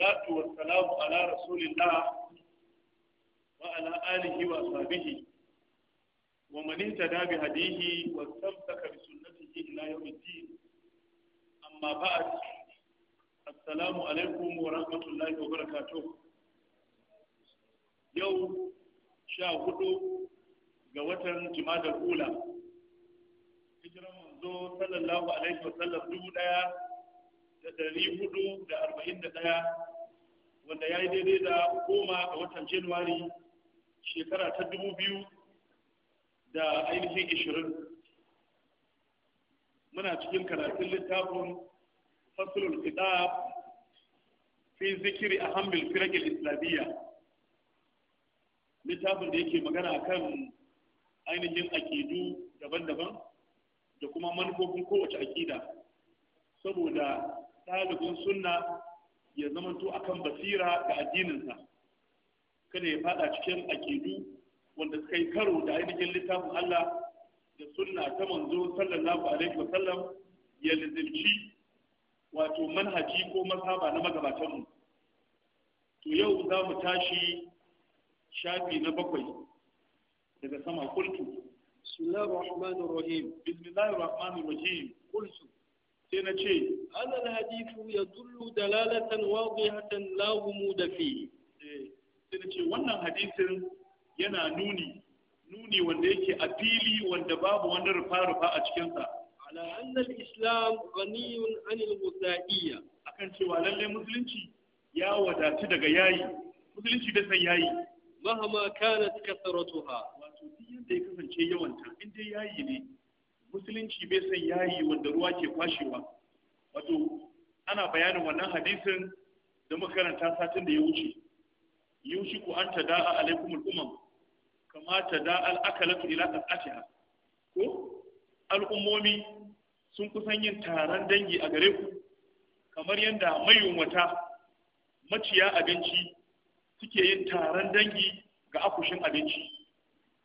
والصلاة والسلام على رسول الله وعلى آله وأصحابه ومن اهتدى بهديه واستمسك بسنته إلى يوم الدين أما بعد السلام عليكم ورحمة الله وبركاته يوم شاهدوا جوة جماد الأولى hijiran manzo sallallahu alaihi wasallam dubu ɗaya da dari hudu da arba'in da ɗaya. wanda ya yi daidai da goma a watan januwari shekara ta dubu biyu da ainihin ishirin muna cikin karatun littafin fasulul kitab fi zikiri a hamil firagil islamiyya littafin da yake magana kan ainihin akidu daban-daban da kuma manufofin kowace akida saboda talibin sunna ya zamanto akan basira ga addininsa kada ya fada cikin akidu wanda suka yi karo da ainihin littafin Allah da sunna ta manzo sallallahu alaihi wa sallam ya lizilci wato manhaji ko masaba na magabatanmu to yau za mu tashi shafi na bakwai daga sama kultu بسم الله rahim bismillahir rahmanir rahim الرحمن sai na ce hadal hadithu yadullu dalalatan wadihatan la da fi eh, sai na ce wannan hadisin yana nuni nuni wanda yake a fili wanda babu wani rufa-rufa a cikinsa ala annal islam ghaniyun anil wuzaiya akan cewa lalle musulunci ya wadatu daga yayi musulunci da san yayi mahama kanat kasaratuha wato duk yanda ya kasance yawanta in dai yayi ne musulunci bai son yayi wanda ruwa ke kwashewa wato ana bayanin wannan hadisin da makaranta satin da ya wuce yushi ku an ta da'a alaikumul umam kama tada'al akalatu ila qat'atiha ko al'ummomi sun kusan yin taron dangi a gare ku kamar yadda mayunwata maciya abinci suke yin taron dangi ga akushin abinci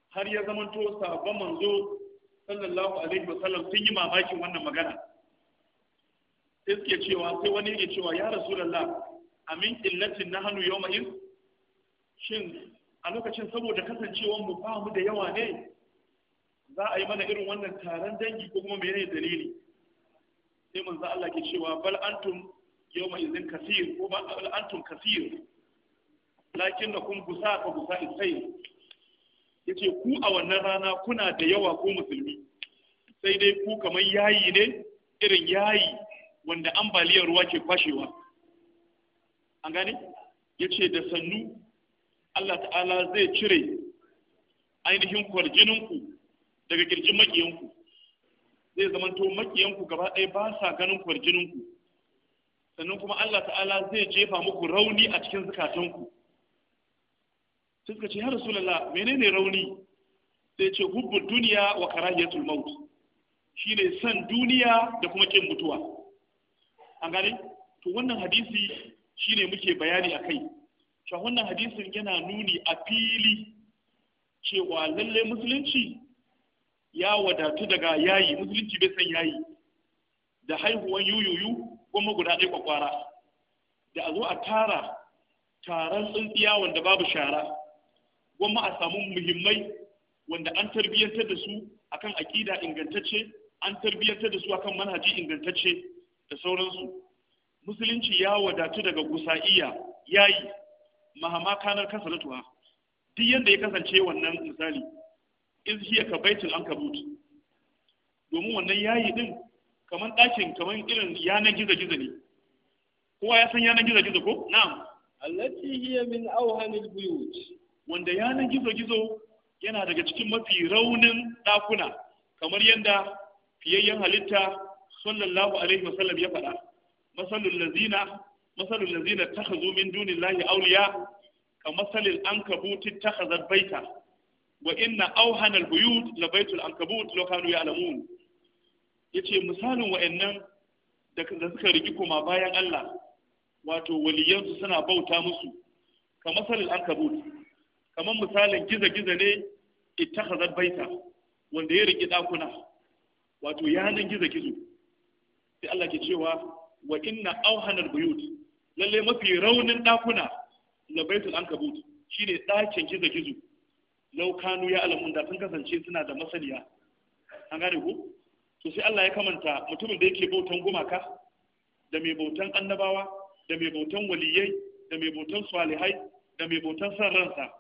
har ya zamanto sabon manzo sallallahu alaihi wasallam sun yi mamakin wannan magana sai suke cewa sai wani yake cewa ya rasulullah amin illatin nahnu yawma iz shin a lokacin saboda kasancewar mu ba mu da yawa ne za a yi mana irin wannan taron dangi ko kuma menene dalili sai za Allah ke cewa bal antum yawma izin kasir ko bal antum kasir kun gusa ka gusa isai yace ku a wannan rana kuna da yawa ko musulmi sai dai ku kamar yayi ne irin yayi wanda ambaliyar ruwa ke kwashewa an gane yace da sannu Allah ta'ala zai cire ainihin kwarjininku daga kirjin makiyanku zai zamanto makiyanku gaba ɗaya ba sa ganin kwarjininku sannan kuma Allah ta'ala zai jefa muku rauni a cikin zukatanku sai suka ce ya menene rauni sai ce hubbun duniya wa karahiyatul maut shine san duniya da kuma kin mutuwa an gane to wannan hadisi shine muke bayani a kai, shi wannan hadisin yana nuni a fili cewa lalle musulunci ya wadatu daga yayi musulunci bai san yayi da haihuwan yuyuyu kuma guda ɗaya kwakwara da a zo a tara taron tsintsiya wanda babu shara gwamma a samu muhimmai wanda an tarbiyyantar da su akan aƙida ingantacce an tarbiyyantar da su akan manhaji ingantacce da sauransu musulunci ya wadatu daga gusa'iya yayi mahama kanar kasalatuwa duk yadda ya kasance wannan misali iz hiya ka baitul ankabut domin wannan yayi din kaman ɗakin kaman irin yanar gizo-gizo ne kowa ya san yanar gizo-gizo ko na'am allati hiya min awhamil buyut wanda yanar gizo-gizo yana daga cikin mafi raunin ɗakuna kamar yadda fiyayyen halitta sallallahu alaihi wasallam ya faɗa masalul lazina masalul lazina takhazu min dunillahi awliya ka masalil ta takhazat baita wa inna awhana albuyut la baitul ankabut law kanu Ya yace misalin wa'annan da suka riki koma bayan Allah wato waliyansu suna bauta musu ka an ankabut kamar misalin giza-giza ne hazar baita wanda ya riki ɗakuna, wato yanin giza-gizo sai Allah ke cewa wa inna auhanar buyut lalle mafi raunin ɗakuna, na baitul ankabut shine ɗakin giza-gizo law ya alamun da sun kasance suna da masaniya an gane ku to sai Allah ya kamanta mutumin da yake bautan gumaka da mai bautan annabawa da mai bautan waliyai da mai bautan salihai da mai bautan san ransa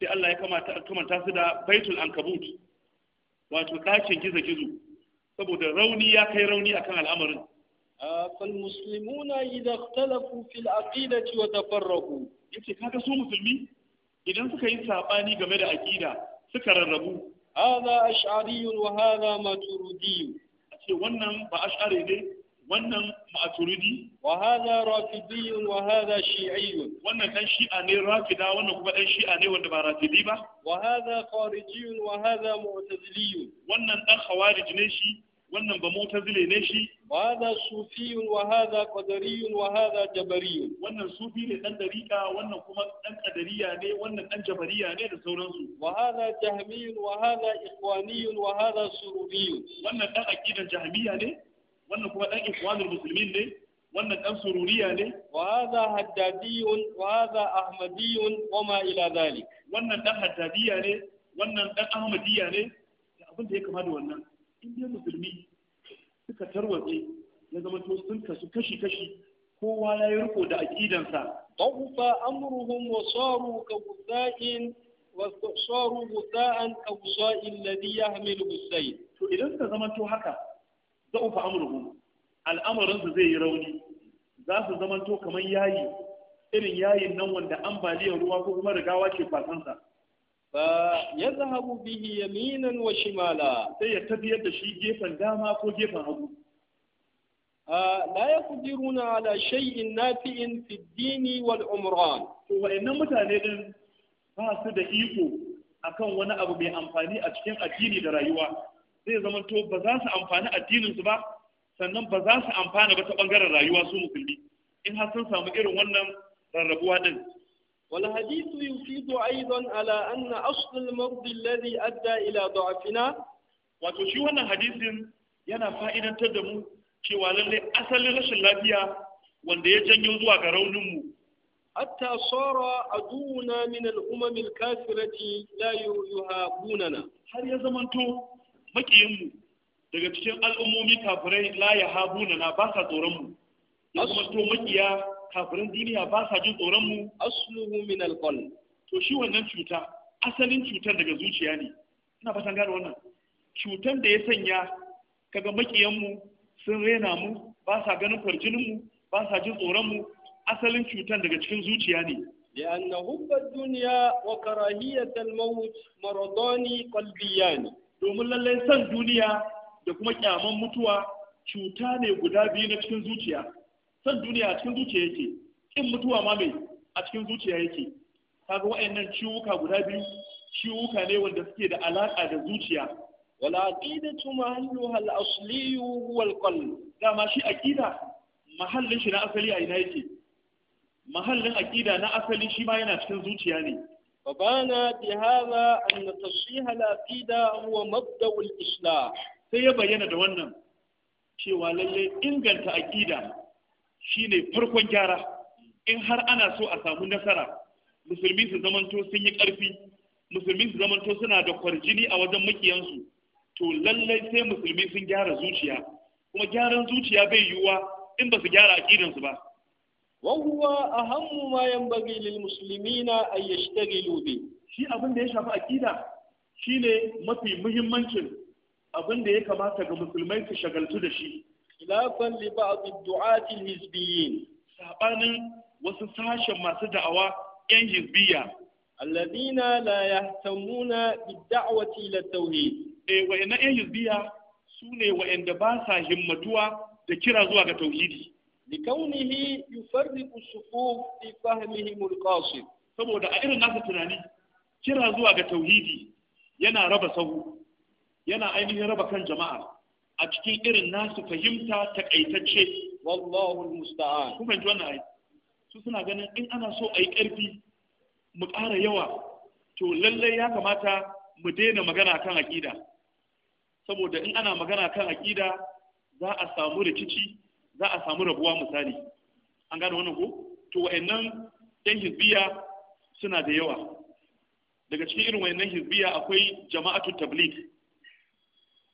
sai Allah ya kamata a kamanta su da baitul ankabut wato ɗakin gizo-gizo saboda rauni ya kai rauni akan al'amarin فالمسلمون إذا اختلفوا في العقيدة وتفرقوا yace kaga su musulmi idan suka yi sabani game da aqida suka rarrabu hadha ash'ari wa hadha maturidi ce wannan ba ash'ari ne wannan maturidi wa hadha rafidi wa hadha shi'i wannan dan shi'a ne rafida wannan kuma dan shi'a ne wanda ba rafidi ba wa hadha khariji wa hadha mu'tazili wannan dan khawarij ne shi wannan ba mu'tazili ne shi wa hadha sufi wa hadha qadari wa hadha jabari wannan sufi ne dan dariqa wannan kuma dan qadariya ne wannan dan jabariya ne da sauransu wa hadha jahmi wa hadha ikhwani wa hadha surubi wannan dan aqidan jahmiya ne wannan kuma dan ikhwanul muslimin ne wannan dan sururiya ne wa hadha haddadiyun wa hadha ahmadiyun wa ma ila zalik wannan dan haddadiya ne wannan dan ahmadiyya ne da abin da ya kama da wannan in dai musulmi suka tarwatse ya zama to sun kasu kashi kashi kowa ya yi riko da aqidansa dawfa amruhum wa saru ka guzain wa saru guzaan ka guzain ladhi yahmilu guzain to idan suka zama to haka za'ufa amruhu al'amarinsu zai yi rauni za su zamanto kamar yayi irin yayin nan wanda ambaliyar ruwa ko kuma rigawa ke fasansa fa yadhhabu bihi yaminan wa shimala sai ya tafiyar da shi gefen dama ko gefen hagu la yaqdiruna ala shay'in nafi'in fi wal umran to wa'annan mutane din ba su da iko akan wani abu mai amfani a cikin addini da rayuwa zai zama to ba za su amfani addinin ba sannan ba za su amfana ba ta bangaren rayuwa su musulmi in har sun samu irin wannan rarrabuwa din والحديث يفيد أيضا على أن أصل المرض الذي أدى إلى ضعفنا وتشيونا حديث yana fa'idantar da mu cewa lallai asalin rashin lafiya wanda ya janyo zuwa ga rauninmu. Hatta sora aduwuna min al'umamil kafirati la yuhabunana. Har ya zamanto makiyinmu daga cikin al'ummomi kafirai la ya habu na ba sa tsoronmu. ya kuma to makiya kafirin duniya ba sa jin tsoronmu. mu asluhu min alqal to shi wannan cuta asalin cutar daga zuciya ne ina fatan gane wannan cutar da ya sanya kaga makiyanmu sun rena mu ba sa ganin kwarjinin mu ba sa jin tsoronmu asalin cutar daga cikin zuciya ne لأن حب الدنيا وكراهية الموت مرضان قلبيان domin lallai san duniya da kuma kyaman mutuwa cuta ne guda biyu na cikin zuciya san duniya a cikin zuciya yake kin mutuwa ma mai a cikin zuciya yake kaga wa'annan ciwuka guda biyu ciwuka ne wanda suke da alaka da zuciya wala aqidatu mahalluha al-asli huwa al-qalb dama shi aqida mahallin shi na asali a ina yake mahallin aqida na asali shi ma yana cikin zuciya ne فبان بهذا أن تصحيح da ruwa مبدأ الإصلاح sai ya bayyana da wannan cewa lalle inganta aƙida shine farkon gyara in har ana so a samu nasara musulmi su zamanto sun yi ƙarfi musulmi su zamanto suna da kwarjini a wajen makiyansu to lallai sai musulmi sun gyara zuciya kuma gyaran zuciya bai yiwuwa in ba su gyara aƙidansu ba Wan وهو أهم ما ينبغي musulmi na يشتغلوا به shi abin da ya shafi akida shine mafi muhimmancin abinda ya kamata ga musulmai su shagaltu da shi khilafan li ba'd ad-du'at sabanin wasu sashen masu da'awa yan hizbiya alladhina la yahtamuna bid-da'wati ila tauhid eh wa'annan yan hizbiya sune wa'anda ba sa himmatuwa da kira zuwa ga tauhidi لكونه يفرق الصفوف في فهمهم القاصر saboda a irin nasa tunani kira zuwa ga tauhidi yana raba sahu yana ainihin raba kan jama'a a cikin irin nasu fahimta takaitacce wallahu musta'an kuma ji wannan su suna ganin in ana so a yi ƙarfi mu ƙara yawa to lallai ya kamata mu daina magana kan aƙida saboda in ana magana kan aƙida za a samu rikici za a samu rabuwa misali an gane wannan ko to wa'annan yan hizbiya suna da yawa daga cikin irin wa'annan hizbiya akwai jama'atu tabligh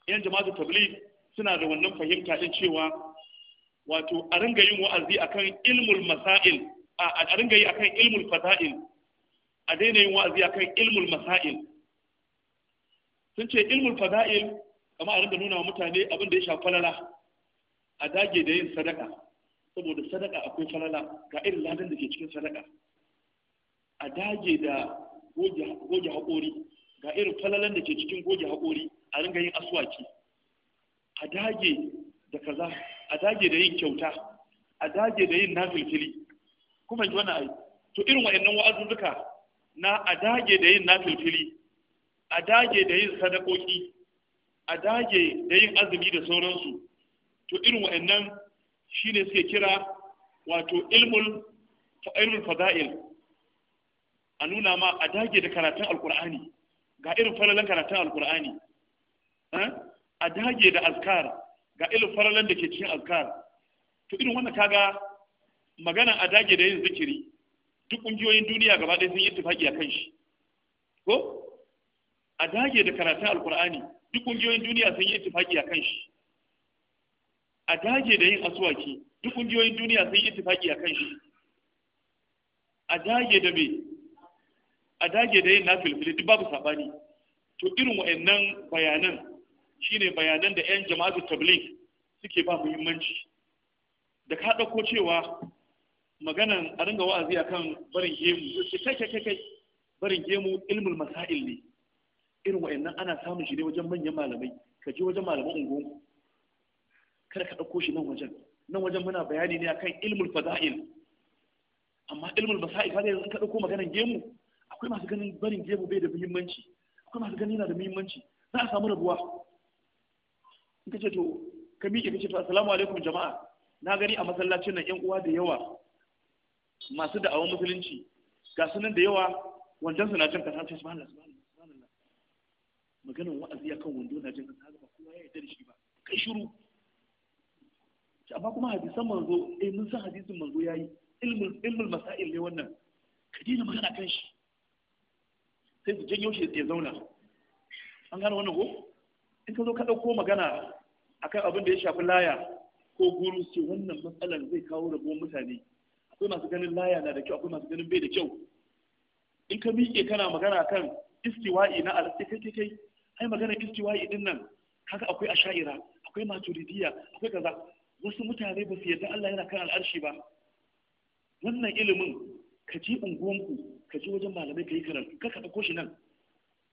yan jama'atu tabligh suna da wannan fahimta din cewa wato a ringa yin wa'azi akan ilmul masail a ringa yi akan ilmul fasail a daina yin wa'azi akan ilmul masail sun ce ilmul fada'il kama a ringa nuna wa mutane abin da ya shafi falala a dage da yin sadaka saboda sadaka akwai falala ga irin ladan da ke cikin sadaka a dage da goge haƙori ga irin falalan da ke cikin goge haƙori a ringa yin asuwaki a dage da kaza a dage da yin kyauta a dage da yin nafilfili kuma ji wani ai to irin wa'annan wa'azuzzuka na a dage da yin nafilfili a dage da yin sadakoki a dage da yin azumi da sauransu to irin wa'annan shine suke kira wato ilmul ilmul fada'il a nuna ma a dage da karatun alkur'ani ga irin falalan karatun alkur'ani eh? a dage da azkar ga irin falalan da ke cikin azkar to irin wannan kaga magana a dage da yin zikiri duk ƙungiyoyin duniya gaba ɗaya sun yi tufaki a kan shi ko a dage da karatun alkur'ani duk ƙungiyoyin duniya sun yi tufaki a kan shi a dage da yin asuwaki duk ƙungiyoyin duniya sun yi tufaƙi a kan shi a dage da me a dage da yin nafilfili duk babu sabani to irin wa'annan bayanan shine bayanan da 'yan jama'atu tabligh suke ba muhimmanci da ka ɗauko cewa maganan a ringa wa'azi akan barin gemu kai kai kai barin gemu ilmul masail ne irin wa'annan ana samun shi ne wajen manyan malamai ka je wajen malaman unguwanku kar ka ɗauko shi nan wajen nan wajen muna bayani ne akan ilmul fada'il amma ilmul basa'il kaga yanzu ka ɗauko maganar gemu akwai masu ganin barin gemu bai da muhimmanci akwai masu ganin yana da muhimmanci za a samu rabuwa in ka ce to ka miƙe ka ce to assalamu alaikum jama'a na gani a masallacin nan yan uwa da yawa masu da'awar musulunci ga su nan da yawa wandan su na jin kasance ce subhanallah subhanallah maganar wa'azi akan wando na jin kasance ba kowa ya yarda da shi ba kai shiru amma kuma hadisan manzo eh mun san hadisin manzo yayi ilmul ilmul masail ne wannan ka dina magana kan shi sai su janyo shi ya zauna an gano wannan ko in ka zo ka dauko magana akan abin da ya shafi laya ko guru ce wannan matsalar zai kawo rabuwar mutane akwai masu ganin laya na da kyau akwai masu ganin bai da kyau in ka miƙe kana magana kan istiwa'i na alasti kai kai kai ai magana istiwa'i din nan kaga akwai asha'ira akwai maturidiya akwai kaza wasu mutane ba su yarda Allah yana kan al'arshi ba wannan ilimin ka je unguwanku ka je wajen malamai ka yi karatu ka ka koshi nan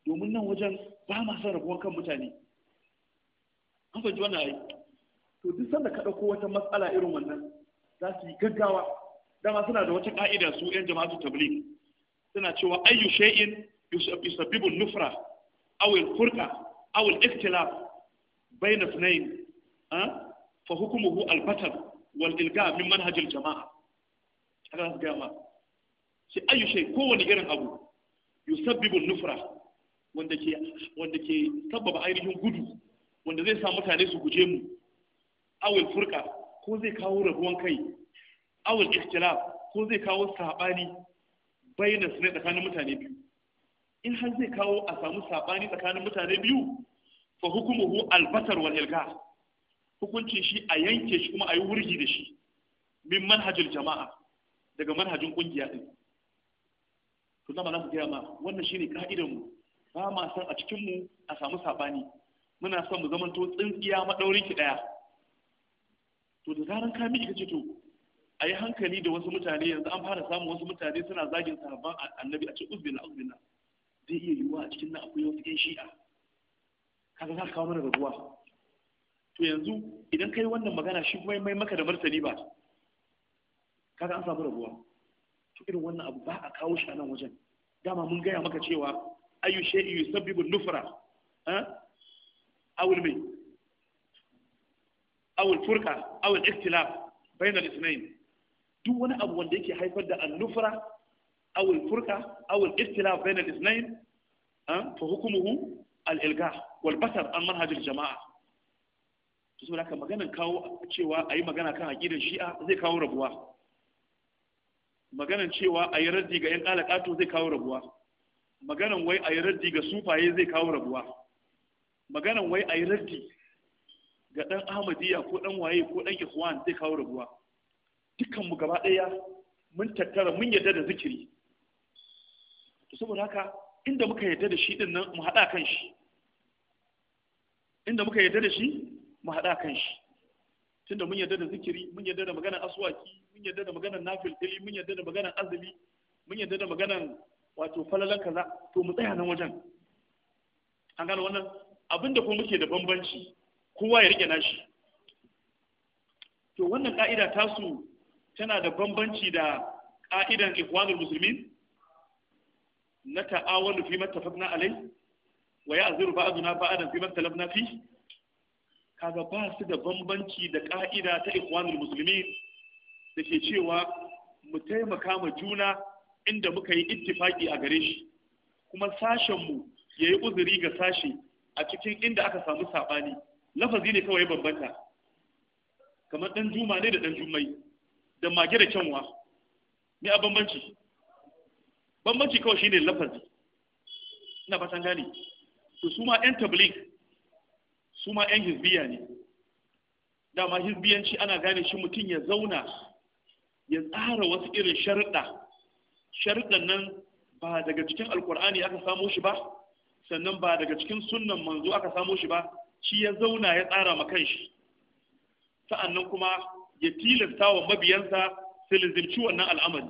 domin nan wajen ba ma son rabuwar kan mutane an fahimci wannan ai to duk sanda ka ɗauko wata matsala irin wannan za su yi gaggawa dama suna da wata ƙa'ida su yan jama'atu tabligh suna cewa ayyu shay'in yusabbibu nufra aw al-furqa aw al-ikhtilaf bayna ithnayn ah? fa hukumuhu albatar wal ilga min manhajil jama'a haka su gaya ma shi ayu shay wani irin abu yusabbibu nufra wanda ke wanda ke sababa ainihin gudu wanda zai sa mutane su guje mu awil furqa ko zai kawo rabuwan kai awil ikhtilaf ko zai kawo sabani bayyana su ne tsakanin mutane biyu in har zai kawo a samu sabani tsakanin mutane biyu fa hukumuhu albatar wal ilga hukuncin shi a yanke shi kuma a yi wurgi da shi min manhajul jama'a daga manhajin kungiya din to zama za su gaya ma wannan shine ka'idar mu ba ma san a cikin mu a samu sabani muna son mu zamanto tsintsiya madaurin ki daya to da zaran ka miji kace to a yi hankali da wasu mutane yanzu an fara samun wasu mutane suna zagin sahabban annabi a ce uzbina uzbina zai iya yiwuwa a cikin nan akwai wasu yan shi'a kaga za ka kawo mana rabuwa to yanzu idan kai wannan magana shi kuma mai maka da martani ba kaga an samu rabuwa to irin wannan abu ba a kawo shi a nan wajen dama mun gaya maka cewa ayu shay'i yusabbibu nufra ha? Eh? awul mai awul furqa awul ikhtilaf bayna al-ithnayn duk wani abu wanda yake haifar da an-nufra awul furqa awul ikhtilaf bayna al-ithnayn eh? fa hukmuhu al-ilga wal basar an manhaj al-jama'a su ka maganar kawo cewa a yi magana kan aƙidar shi'a zai kawo rabuwa Maganar cewa a yi raddi ga 'yan alaƙato zai kawo rabuwa Maganar wai a yi raddi ga sufaye zai kawo rabuwa Maganar wai a yi raddi ga ɗan ahmadiyya ko ɗan waye ko ɗan ikhwan zai kawo rabuwa dukkan mu gaba ɗaya mun tattara mun yadda da zikiri to saboda haka inda muka yadda da shi din nan mu haɗa kan shi inda muka yadda da shi mu haɗa kan shi tunda mun yarda da zikiri mun yarda da maganar aswaki mun yarda da maganar nafilfili mun yarda da maganar azumi mun yarda da maganar wato falalan kaza to mu tsaya nan wajen an gano wannan abinda kuma muke da bambanci kowa ya rike nashi to wannan ka'ida tasu tana da bambanci da ka'idan ikhwanul muslimin na ta'awunu fi mattafaqna alai wa ya'ziru ba'duna ba'dan fi mattalabna fi kaga ba su da bambanci da ka'ida ta ikwanul musulmi da ke cewa mu taimaka ma juna inda muka yi ittifaki a gare shi kuma sashen mu yi uzuri ga sashe a cikin inda aka samu saɓani, lafazi ne kawai bambanta kamar ɗan juma ne da ɗan jummai da mage da kyanwa ne a bambanci bambanci kawai shine lafazi ina fatan gane to su ma yan tabligh su ma 'yan hizbiya ne dama hizbiyanci ana gane shi mutum ya zauna ya tsara wasu irin sharuɗa sharuɗan nan ba daga cikin alkur'ani aka samo shi ba sannan ba daga cikin sunnan manzo aka samo shi ba shi ya zauna ya tsara ma kanshi sa'annan kuma ya tilasta wa mabiyansa su ciwon wannan al'amari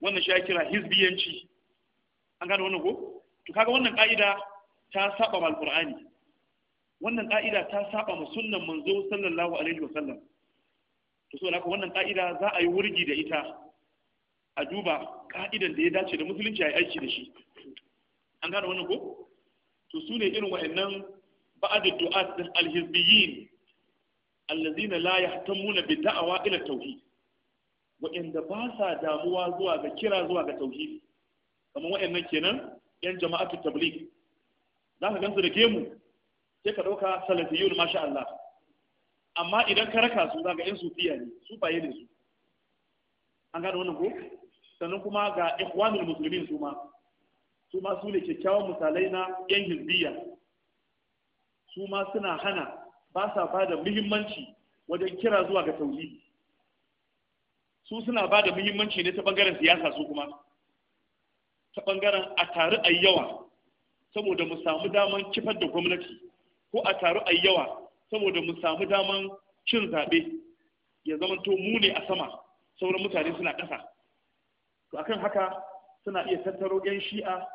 wannan shi ya kira hizbiyanci an gane wannan ko to kaga wannan ka'ida ta saba alkur'ani wannan ƙa'ida ta saba ma sunnan manzo sallallahu alaihi wa sallam to so haka wannan ƙa'ida za a yi wurgi da ita a duba ka'idan da ya dace da musulunci a yi aiki da shi an gane wannan ko to su ne irin wa'annan ba'ad du'at din alhizbiyyin allazina la yahtamuna bi da'awa ila tauhid wa'anda ba sa damuwa zuwa ga kira zuwa ga tauhidi kamar wa'annan kenan yan jama'atu tabligh za ka gansu da gemu sai ka ɗauka salafiyun masha Allah amma idan ka raka su zaga yan sufiya ne su baye ne su an gano wannan ko sannan kuma ga ikhwanul muslimin su ma su ma su ne kyakkyawan misalai na yan hizbiya su ma suna hana ba sa ba da muhimmanci wajen kira zuwa ga tauhidi su suna ba da muhimmanci ne ta bangaren siyasa su kuma ta bangaren a tare a yawa saboda mu samu daman kifar da gwamnati ko a taru a yawa saboda mu samu daman cin zaɓe ya zamanto mu ne a sama sauran mutane suna ƙasa to akan haka suna iya tattaro 'yan shi'a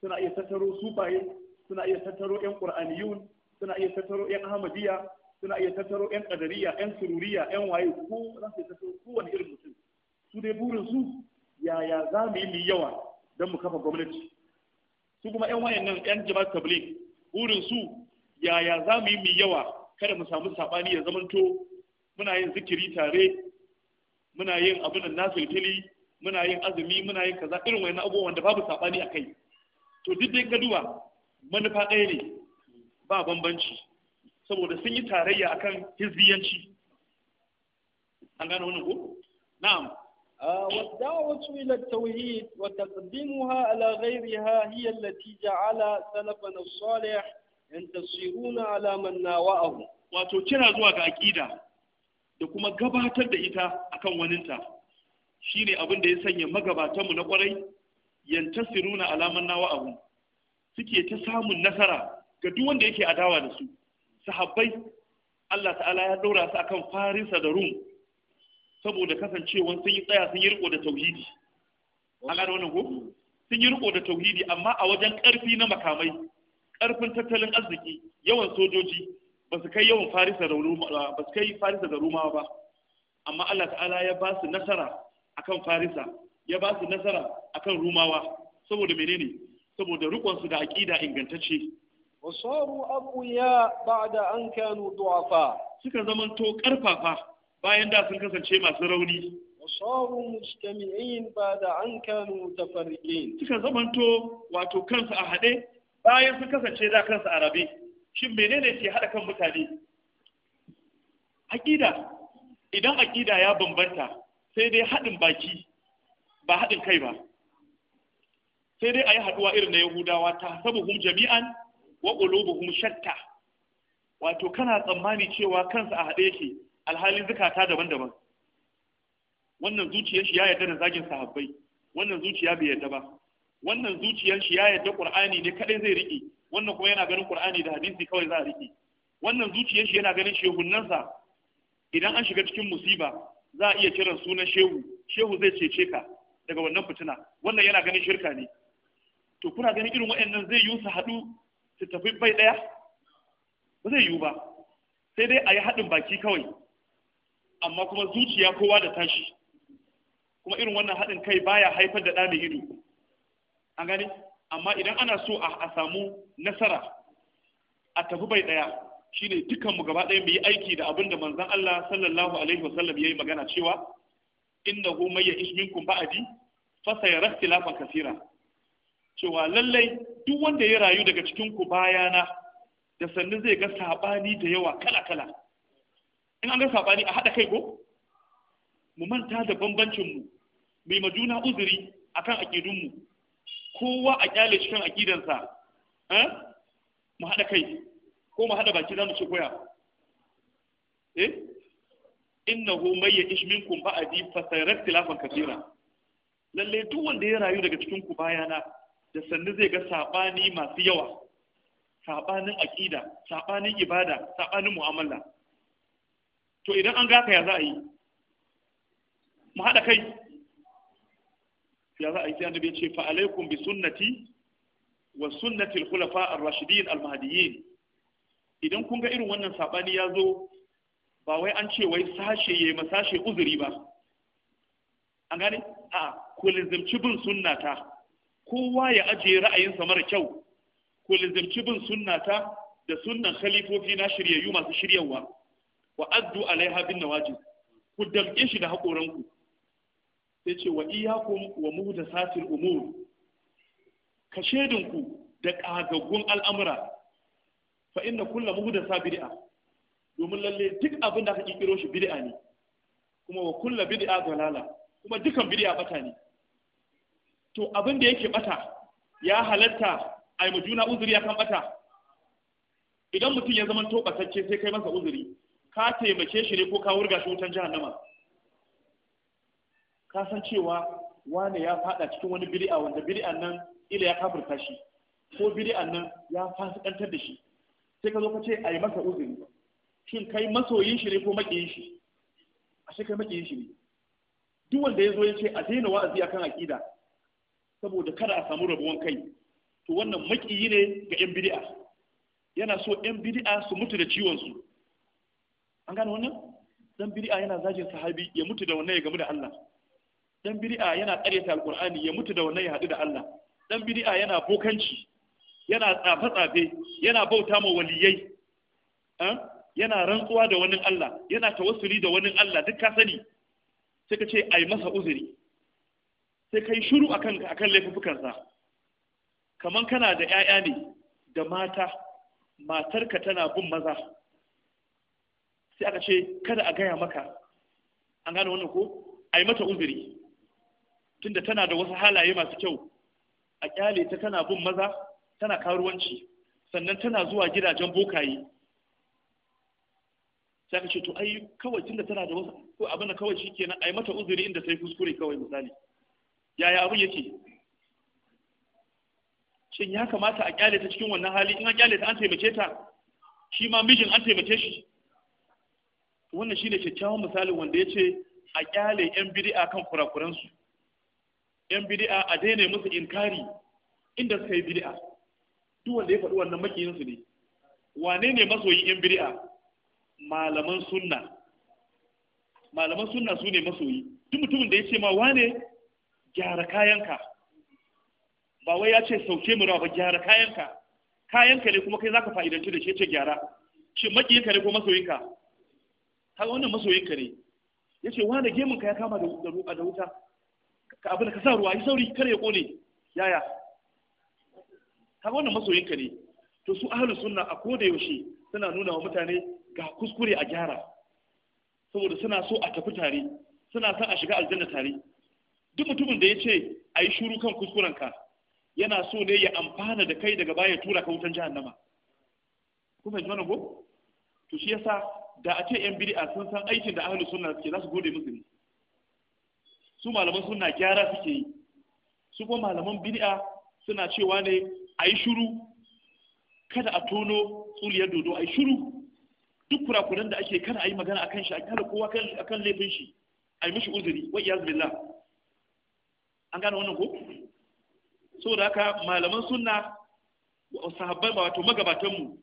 suna iya tattaro sufaye suna iya tattaro 'yan ƙur'aniyun suna iya tattaro 'yan ahmadiyya suna iya tattaro 'yan ƙadariya 'yan sururiya 'yan waye ko za su tattaro kowane irin mutum su dai burin su yaya za mu yi yawa don mu kafa gwamnati su kuma 'yan wayannan 'yan jama'ar tabligh burin su yaya za mu yi mai yawa kada mu samu saɓani ya zamanto muna yin zikiri tare muna yin abin da nasu fili muna yin azumi muna yin kaza irin wani abubuwan da babu saɓani a kai to duk dai gaduwa manufa ɗaya ne ba bambanci saboda sun yi tarayya akan hizbiyanci an gano wannan ko na'am والدعوة إلى التوحيد وتقديمها على غيرها هي التي جعل سلفنا الصالح ala man nawa'ahu wato kira zuwa ga aqida da kuma gabatar da ita akan waninta shine abin da ya sanya magabatanmu na kwarai yantasiruna ala man nawa'ahu suke ta samun nasara ga duk wanda yake adawa da su sahabbai Allah ta'ala ya daura su akan farinsa da rum saboda kasancewar sun yi tsaya sun yi riko da tauhidi A gano wannan go? sun yi riko da tauhidi amma a wajen karfi na makamai ƙarfin tattalin arziki yawan sojoji ba su kai yawan farisa da ba su kai farisa da rumawa ba amma Allah ta'ala ya ba su nasara akan farisa ya ba su nasara akan rumawa saboda menene saboda rukon su da aqida ingantacce wasaru ya ba'da an kanu du'afa suka zamanto karfafa bayan da sun kasance masu rauni wasaru mujtami'in ba'da an kanu mutafarriqin suka zamanto wato kansu a hade bayan sun kasance da kansu a rabe shin menene ke haɗa kan mutane aƙida idan aƙida ya bambanta sai dai haɗin baki ba haɗin kai ba sai dai a yi haɗuwa irin na yahudawa ta sabuhum jami'an wa ƙulubuhum shatta wato kana tsammani cewa kansa a haɗe yake alhalin zukata daban-daban wannan zuciyar shi ya yarda da zagin sahabbai wannan zuciya bai yarda ba wannan zuciyar shi ya yadda qur'ani ne kadai zai rike wannan kuma yana ganin qur'ani da hadisi kawai za a rike wannan zuciyar shi yana ganin sa idan an shiga cikin musiba za a iya kiran sunan shehu shehu zai cece ka daga wannan fitina wannan yana ganin shirka ne to kuna ganin irin waɗannan zai yi su haɗu su tafi bai ɗaya ba zai yiwu ba sai dai a yi haɗin baki kawai amma kuma zuciya kowa da tashi kuma irin wannan haɗin kai baya haifar da ɗa mai ido an gane amma idan ana so a samu nasara a tafi bai daya shine dukan mu gaba ɗaya mu yi aiki da abin da manzon Allah sallallahu alaihi wasallam yayi magana cewa innahu may ya'ish minkum ba'di fa sayara ikhtilafan kaseera cewa lallai duk wanda ya rayu daga cikin ku bayana da sannu zai ga sabani da yawa kala kala in an ga sabani a hada kai ko mu manta da bambancin mu mai majuna uzuri akan akidun mu kowa a kyale cikin akidansa eh mu haɗa kai ko mu haɗa baki za mu ci koya eh innahu may ya'ish minkum ba'di fa sayara ikhtilafan kathira lalle duk wanda ya rayu daga cikin ku bayana da sannu zai ga sabani masu yawa sabanin aƙida, sabanin ibada sabanin mu'amala to idan an gaka ya za a yi mu haɗa kai ya za a yi annabi ce fa alaikum bi sunnati wa sunnati al-khulafa ar-rashidin al-mahdiyyin idan kun ga irin wannan sabani ya zo ba wai an ce wai sashe yayi ma sashe uzuri ba an gane a kulizimci bin sunnata kowa ya ajiye ra'ayinsa mara kyau kulizimci bin sunnata da sunnan khalifofi na shiryayyu masu shiryawa wa addu alaiha bin nawajib ku damƙe shi da haƙoranku sai ce wa iyakum wa muhdasatil umur ka shedinku da ƙagaggun al'amura fa inna kullu sa bid'a domin lalle duk abin da aka kikiro shi bid'a ne kuma wa kullu bid'a dalala kuma dukan bid'a bata ne to abin da yake bata ya halatta ai mu juna uzuri akan bata idan mutum ya zama to batacce sai kai masa uzuri ka taimake shi ne ko ka wurga shi wutan jahannama ka san cewa wane ya fada cikin wani bir'a wanda bid'an nan ila ya kafirta shi ko bir'an nan ya fasikantar da shi sai ka zo ka ce a yi masa uzuri shin kai masoyin shi ne ko makiyin shi a shi kai makiyin shi ne duk wanda ya zo ya ce a daina wa'azi akan aqida saboda kada a samu rabuwan kai to wannan makiyi ne ga yan bid'a yana so yan bid'a su mutu da ciwon su an gane wannan dan bid'a yana zagin sahabi ya mutu da wannan ya gamu da Allah dan bid'a yana ƙaryata alqur'ani ya mutu da wannan ya hadu da Allah dan bid'a yana bokanci yana tsafe tsafe yana bauta ma waliyai eh? yana rantsuwa da wani Allah yana tawassuli da wani Allah duk ka sani sai ka ce ai masa uzuri sai kai shiru akan akan laifukansa kaman kana da 'ya'ya ne da mata matarka tana bin maza sai aka ce kada a gaya maka an gane wannan ko ai mata uzuri tunda tana da wasu halaye masu kyau a kyale ta tana bin maza tana karuwanci sannan tana zuwa gidajen bokaye sai ka ce to ai kawai tunda tana da wasu ko abin da kawai shikenan ai mata uzuri inda sai kuskure kawai misali yaya abin yake shin ya kamata a kyale ta cikin wannan hali in an kyale ta an taimake ta shi ma mijin an taimake shi wannan shine kyakkyawan misalin wanda ya ce a kyale yan bid'a kan kurakuransu yan bidi’a a daina musu inkari inda suka yi bidi’a, duk wanda ya faɗi wannan makiyin su ne wane ne masoyi yan bidi’a? malaman sunna malaman sunna su ne masoyi duk mutumin da ya ce ma wane gyara kayanka ba wai ya ce sauke mu ba gyara kayanka kayanka ne kuma kai zaka fa'idanci da shi ce gyara shin makiyinka ne ko masoyinka kaga wannan masoyinka ne yace wane gemin ya kama da wuta ka abin ka sa ruwa yi sauri kare ya kone yaya ka wannan masoyinka ne to su ahlu sunna a koda yaushe suna nuna wa mutane ga kuskure a gyara saboda suna so a tafi tare suna son a shiga aljanna tare duk mutumin da ya ce a yi shuru kan kuskurenka yana so ne ya amfana da kai daga baya tura ka wutan jahannama nama fahimci wannan ko to shi yasa da a ce yan bid'a sun san aikin da ahlus sunna suke za su gode musu ne su malaman suna gyara suke yi su kuma malaman bid'a suna cewa ne a yi shuru kada a tono tsuliyar dodo a yi shuru duk kurakuran da ake kada a yi magana a kan shi a kada kowa a kan laifin shi a yi mishi uzuri wa iya billah an gane wannan ko saboda haka malaman suna sahabbai wato magabatanmu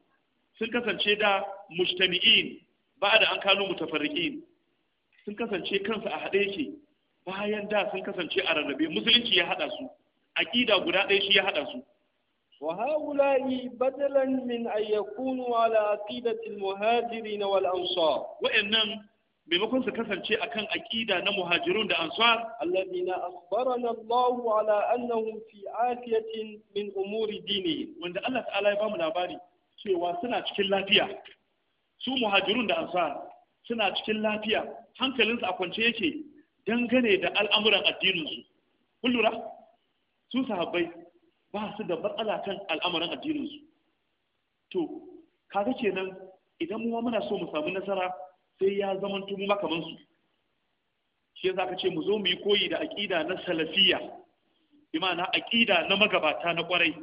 sun kasance da mustami'in ba da an kano mutafarriqin sun kasance kansu a haɗe yake bayan da sun kasance a rarrabe musulunci ya haɗa su aƙida guda ɗaya shi ya haɗa su wa haula'i badalan min an yakunu ala aqidati al-muhajirin wal ansar wa'annan maimakon su kasance akan aƙida na muhajirun da ansar alladina akhbarana Allah ala annahum fi afiyatin min umuri dini wanda Allah ta'ala ya bamu labari cewa suna cikin lafiya su muhajirun da ansar suna cikin lafiya hankalinsu a kwance yake dangane da al'amuran addininsu kun lura su sahabbai ba su da matsala kan al'amuran addininsu to kaga kenan idan muwa muna so mu samu nasara sai ya zama mu makamansu shi za ka ce mu zo mu yi koyi da aƙida na salafiyya imana aƙida na magabata na ƙwarai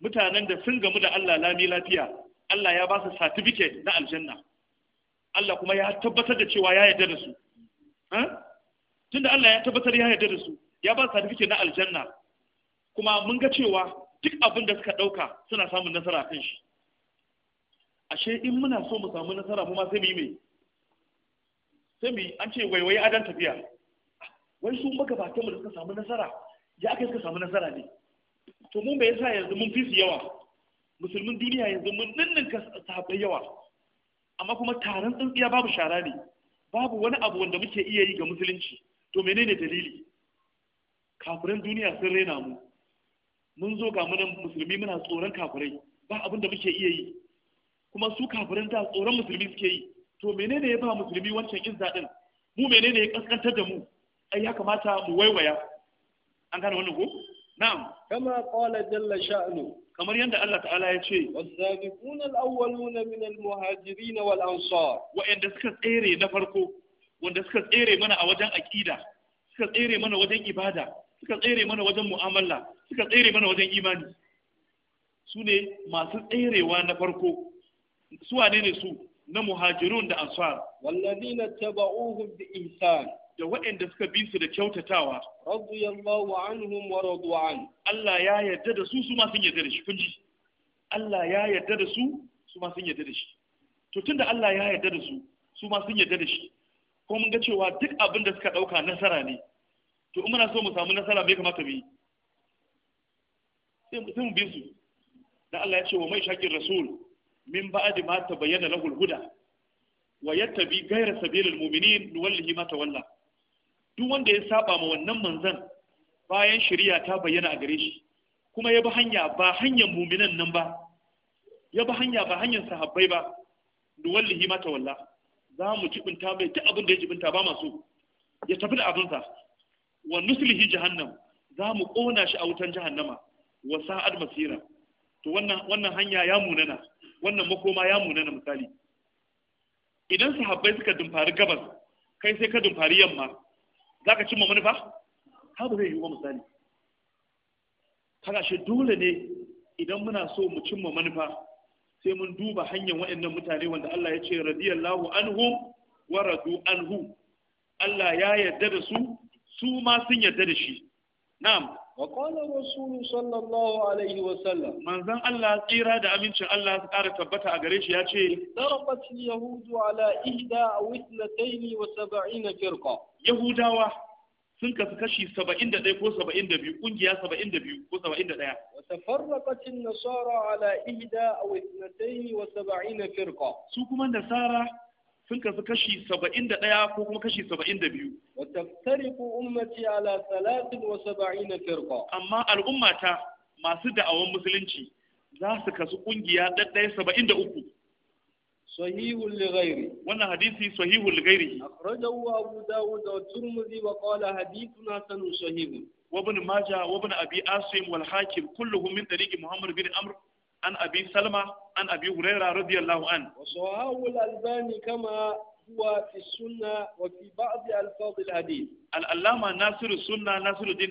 mutanen da sun gamu da Allah lami lafiya Allah ya ba su certificate na aljanna Allah kuma ya tabbatar da cewa ya yarda da su tunda Allah ya tabbatar ya yarda da su ya ba su na aljanna kuma mun ga cewa duk abin da suka ɗauka suna samun nasara kan shi ashe in muna so mu samu nasara mu ma sai mu yi mai sai mu an ce wai adan tafiya wai su magabatan mu da suka samu nasara ya aka suka samu nasara ne to mun bai yasa yanzu mun fi su yawa musulmin duniya yanzu mun ninninka sahabbai yawa amma kuma taron tsintsiya babu shara ne babu wani abu wanda muke iya yi ga musulunci to menene dalili kafiran duniya sun rena mu mun zo ga munan musulmi muna tsoron kafirai ba abin da muke iya yi kuma su kafiran da tsoron musulmi suke yi to menene ya ba musulmi wancan izza din mu menene ya kaskantar da mu ai ya kamata mu waiwaya an gane wannan ko na'am kama qala jalla sha'nu kamar yadda Allah ta'ala ya ce was al-awwaluna min al-muhajirin wal-ansar wa'anda suka tsere na farko wanda suka tsere mana a wajen aƙida suka tsere mana wajen ibada suka tsere mana wajen mu'amala suka tsere mana wajen imani su ne masu tserewa na farko su wane ne su na muhajirun da ansar na taba'uhum bi ihsan da waɗanda suka bi su da kyautatawa radiyallahu anhum wa radu an Allah ya yarda da su su ma sun yarda da shi kun ji Allah ya yarda da su su ma sun yarda da shi to tunda Allah ya yarda da su su ma sun yarda da shi ko mun ga cewa duk abin da suka ɗauka nasara ne to in muna so mu samu nasara me kamata mu yi sai mu bi su da Allah ya ce wa mai shakin rasul min ba'di ma tabayyana lahul huda wa yattabi ghayra sabilil mu'minin nuwallihi ma tawalla duk wanda ya saba ma wannan manzon bayan shari'a ta bayyana a gare shi kuma ya bi hanya ba hanyar mu'minan nan ba ya bi hanya ba hanyar sahabbai ba nuwallihi ma tawalla za mu jibinta mai ta abin da ya jibinta ba masu ya tafi da abinsa wa nuslihi jahannam za mu kona shi a wutan jahannama wa sa'ad masira to wannan wannan hanya ya munana wannan makoma ya munana misali idan sahabbai suka dumfari gabas kai sai ka dumfari yamma zaka cimma manufa ha ba zai wa misali kaga shi dole ne idan muna so mu cimma manufa sai mun duba hanyar waɗannan mutane wanda Allah ya ce radiyallahu anhu wa radu anhu Allah ya yarda da su su ma sun yarda da shi na'am wa qala rasul sallallahu alaihi wa sallam manzon Allah tsira da amincin Allah su ƙara tabbata a gare shi ya ce darabat yahudu ala ihda aw ithnatayn wa sab'ina firqa yahudawa sun kasu kashi saba'in da ɗaya ko saba'in da biyu ƙungiya saba'in da biyu ko saba'in da ɗaya. Wata farraƙacin nasara ala ihda a wasnatai wa saba'in firƙa. Su kuma nasara sun kasu kashi saba'in da ɗaya ko kuma kashi saba'in da biyu. Wata tariku ummati ala talatin wa saba'in firƙa. Amma al'ummata masu da'awan musulunci za su kasu ƙungiya ɗaɗɗaya saba'in da uku. sahihul li ghairi wannan hadisi sahihul li ghairi akhrajahu abu dawud wa tirmidhi wa qala hadithun hasanun sahih wa ibn majah wa ibn abi asim wal hakim kulluhum min tariqi muhammad bin amr an abi salma an abi hurairah radiyallahu an wa sahahu al albani kama huwa fi sunna wa fi ba'd alfaz al hadith al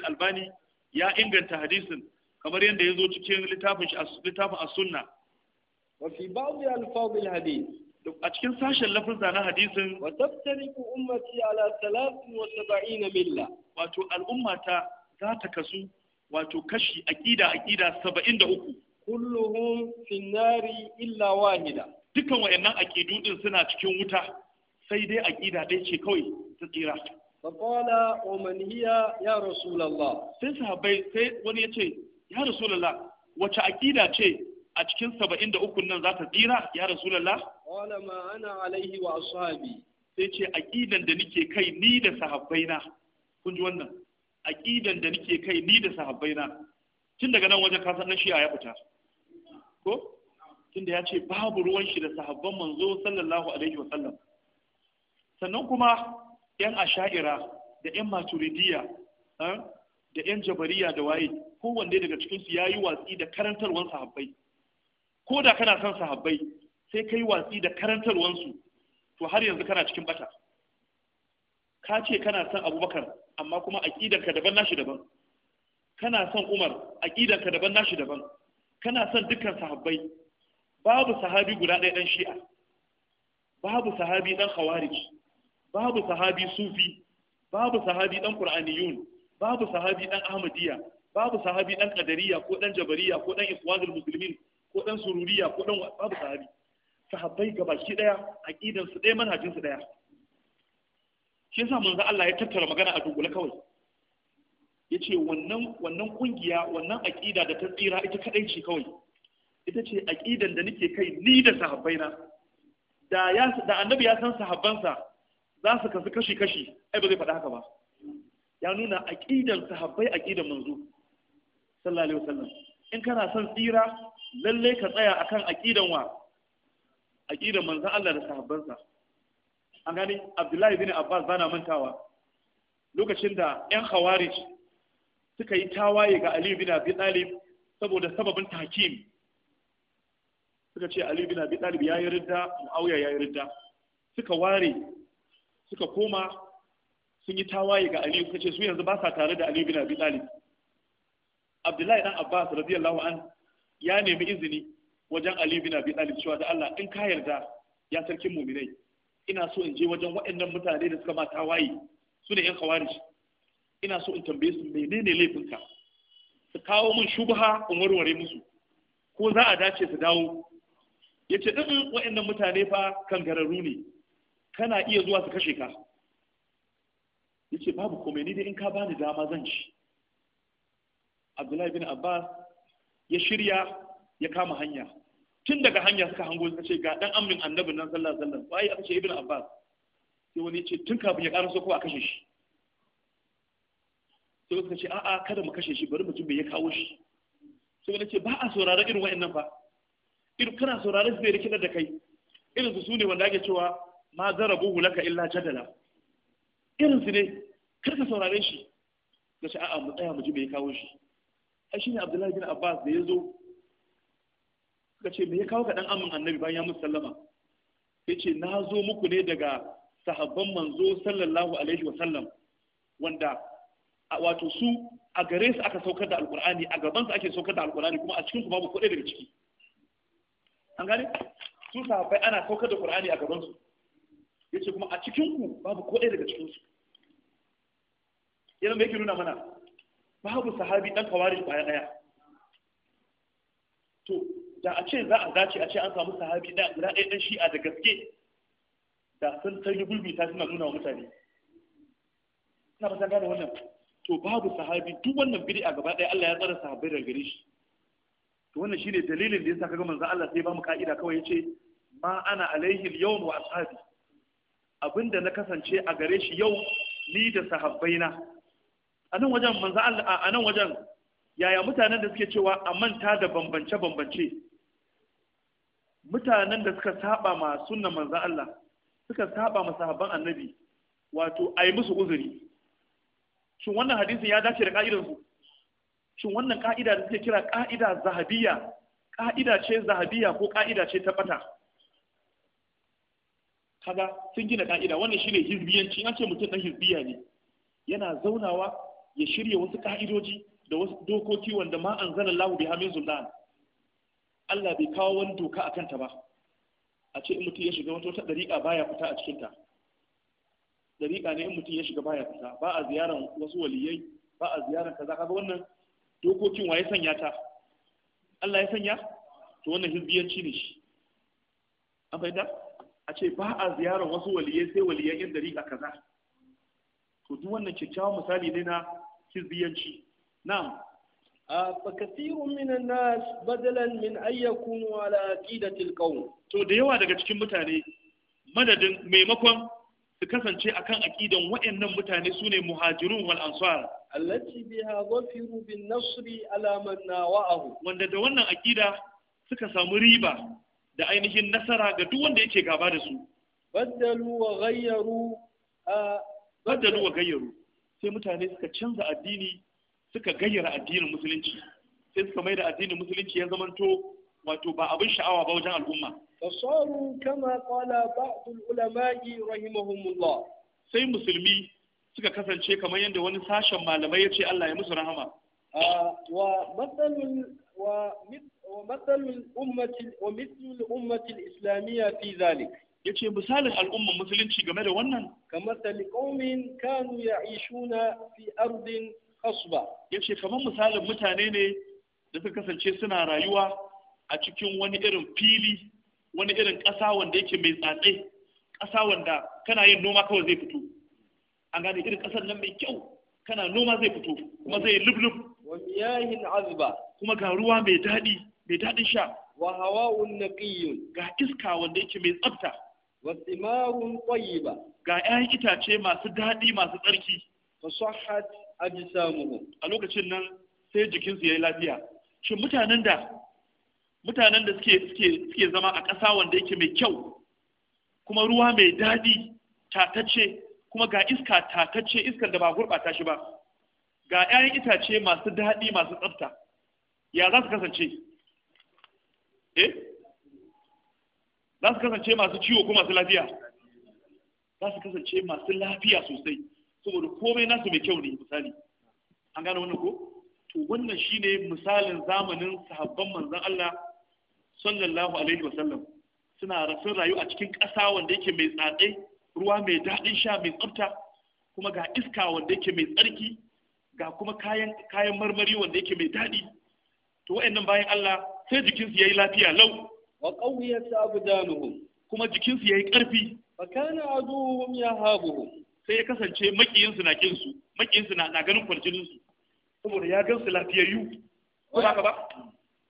albani ya inganta hadisin kamar yadda ya zo cikin littafin as-sunna Mafi fi ba'd al-fawd al a cikin sashen lafuzza na hadisin wa tabtariku 73 milla wato al'ummata za ta kasu wato kashi aqida aqida 73 kulluhum fi nari illa wahida dukan wayannan aqidu din suna cikin wuta sai dai aƙida dai ce kawai ta tsira faqala wa ya rasulullah sai sahabbai sai wani ce ya rasulullah wace aƙida ce a cikin saba'in da ukun nan za ta tsira ya rasulallah wala ma ana alaihi wa ashabi sai ce aqidan da nike kai ni da sahabbaina kun ji wannan aqidan da nike kai ni da sahabbaina tun daga nan wajen kasan nan shi'a ya fita ko da ya ce babu ruwan shi da sahabban manzo sallallahu alaihi wa sallam sannan kuma yan asha'ira da yan maturidiya eh, da yan jabariya da waye kowanne daga cikinsu ya yi watsi da karantarwar sahabbai ko da kana son sahabbai sai kai watsi da karantarwansu to har yanzu kana cikin bata ka ce kana son abubakar amma kuma aƙidanka daban nashi daban kana son umar aƙidanka daban nashi daban kana son dukkan sahabbai babu sahabi guda ɗaya ɗan shi'a babu sahabi ɗan khawarij babu sahabi sufi babu sahabi ɗan qur'aniyun babu sahabi ɗan ahmadiyya babu sahabi ɗan qadariya ko ɗan jabariya ko ɗan ikhwanul muslimin ko dan sururiya ko dan babu sahabi sahabbai baki daya aqidan su daya manhajin su daya shi yasa manzo Allah ya tattara magana a dubule kawai yace wannan wannan kungiya wannan aqida da ta tsira ita kadai ce kawai ita ce aqidan da nake kai ni da na da ya da annabi ya san sahabbansa za su kasu kashi kashi ai ba zai faɗa haka ba ya nuna aqidan sahabbai aqidan manzo sallallahu alaihi wasallam in kana son tsira lalle ka tsaya akan aqidan wa aqidan manzon Allah da sahabbansa an gani Abdullahi bin Abbas bana mantawa lokacin da 'yan khawarij suka yi tawaye ga Ali bin Abi Talib saboda sababin takim suka ce Ali bin Abi Talib yayi ridda Muawiya yayi ridda suka ware suka koma sun yi tawaye ga Ali suka ce su yanzu ba sa tare da Ali bin Abi Talib abdullahi dan abbas radiyallahu an ya nemi izini wajen ali bin abi talib cewa da Allah in ka yarda ya sarkin mu'minai ina so in je wajen waɗannan mutane da suka ma tawaye su ne yan khawarij ina so in tambaye su menene laifinka su kawo min shubha in warware musu ko za a dace su dawo ya ce ɗin waɗannan mutane fa kangararru ne kana iya zuwa su kashe ka Yace babu komai ni dai in ka bani dama zan ci abdullahi bin abbas ya shirya ya kama hanya tun daga hanya suka hango suka ce ga dan amrin annabin nan sallallahu alaihi wasallam wai aka ce ibn abbas sai wani ce tun kafin ya karaso ko a kashe shi sai suka ce a'a kada mu kashe shi bari mutum bai ya kawo shi sai wani ce ba a sauraron irin wa'annan fa irin kana sauraron su zai rikitar da kai irin su ne wanda ake cewa ma zarabuhu laka illa jadala irin su ne kar ka saurare shi da shi a'a mu tsaya mu ji bai kawo shi ai shine abdullahi bin abbas da ya zo suka ce me ya kawo ka amin annabi bayan ya musu sallama yace na zo muku ne daga sahabban manzo sallallahu alaihi wa sallam wanda wato su a gare su aka saukar da alkur'ani a gaban su ake saukar da alkur'ani kuma a cikin su babu kodai daga ciki an gane su sahabbai ana saukar da qur'ani a gaban su yace kuma a cikin ku babu kodai daga cikin su yana me yake nuna mana babu sahabi dan kawari baya daya to da a ce za a dace a ce an samu sahabi da guda ɗaya dan shi'a da gaske da sun gulbi ta suna nuna wa mutane ina fatan gane wannan to babu sahabi duk wannan a gaba ɗaya Allah ya tsara sahabbai daga gare shi to wannan shine dalilin da yasa kaga manzo Allah sai ba mu ka'ida kawai yace ma ana alaihi al-yawm wa ashabi abinda na kasance a gare shi yau ni da sahabbaina a nan wajen manzo Allah a nan wajen yaya mutanen da suke cewa a manta da bambance bambance mutanen da suka saba ma sunnan manzo Allah suka saba ma sahabban annabi wato a yi musu uzuri shin wannan hadisin ya dace da ka'idar su shin wannan ka'ida da suke kira ka'ida zahabiyya ka'ida ce zahabiyya ko ka'ida ce ta bata kaga sun gina ka'ida wannan shine hizbiyanci an ce mutum dan hizbiya ne yana zaunawa ya shirya wasu ka'idoji da wasu dokoki wanda ma an zana lahu biha min sultan Allah bai kawo wani doka a kanta ba a ce in mutum ya shiga wata dariƙa baya fita a cikin ta dariƙa ne in mutum ya shiga baya fita ba a ziyaran wasu waliyai ba a ziyaran kaza kaga wannan dokokin waye sanya ta Allah ya sanya to wannan hizbiyanci ne shi an fahimta a ce ba a ziyarar wasu waliyai sai waliyai yan dariƙa kaza to duk wannan kyakkyawan misali ne na hizbiyanci na'am فكثير من الناس بدلا من أن يكونوا على عقيدة القوم to da yawa daga cikin mutane madadin maimakon su kasance akan akidan waɗannan mutane sune muhajirun wal ansar allati biha zafiru bin nasri ala man nawa'ahu wanda da wannan akida suka samu riba da ainihin nasara ga duk wanda yake gaba da su badalu wa ghayyaru baddalu wa ghayyaru sai mutane suka canza addini suka gayyara addinin musulunci sai suka mai da addinin musulunci ya zamanto wato ba abin sha'awa ba wajen al'umma fasaru kama qala ba'd ulama'i rahimahumullah sai musulmi suka kasance kamar yadda wani sashen malamai ya ce Allah ya musu rahama wa matsalul wa matsalul ummati wa mithlul ummati al-islamiyya fi ya ce misalin al'umman musulunci game da wannan kamar talikomin kanu ya ishuna fi ardin kasuba ya ce kamar misalin mutane ne da suka kasance suna rayuwa a cikin wani irin fili wani irin ƙasa wanda yake mai tsatsai ƙasa wanda kana yin noma kawai zai fito an gane irin ƙasar nan mai kyau kana noma zai fito kuma zai lublub wa miyahin azuba? kuma ga ruwa mai daɗi mai daɗin sha wa hawa'un naqiyyun ga iska wanda yake mai tsafta wasimarun ba. ga 'ya'yan itace masu daɗi masu tsarki fasahhat ajsamuhum a lokacin nan sai jikinsu ya yi lafiya shin mutanen da mutanen da suke zama a ƙasa wanda yake mai kyau kuma ruwa mai daɗi ce, kuma ga iska ce, iskar da ba gurɓata shi ba ga 'ya'yan itace masu daɗi masu tsafta ya za su kasance eh za su kasance masu ciwo ko masu lafiya za su kasance masu lafiya sosai saboda komai nasu mai kyau ne misali an gane wannan ko to wannan shine misalin zamanin sahabban manzon Allah sallallahu alaihi wasallam suna rasun rayu a cikin ƙasa wanda yake mai tsatsai ruwa mai daɗin sha mai tsafta kuma ga iska wanda yake mai tsarki ga kuma kayan marmari wanda yake mai daɗi to wayannan bayan Allah sai jikinsu ya yi lafiya lau wa qawiyat abdanuhum kuma jikinsu ya yayi karfi fa kana ya yahabuhum sai ya kasance makiyinsu na ƙinsu makiyinsu na na ganin kwarjininsu saboda ya gansu lafiyayyu ko haka ba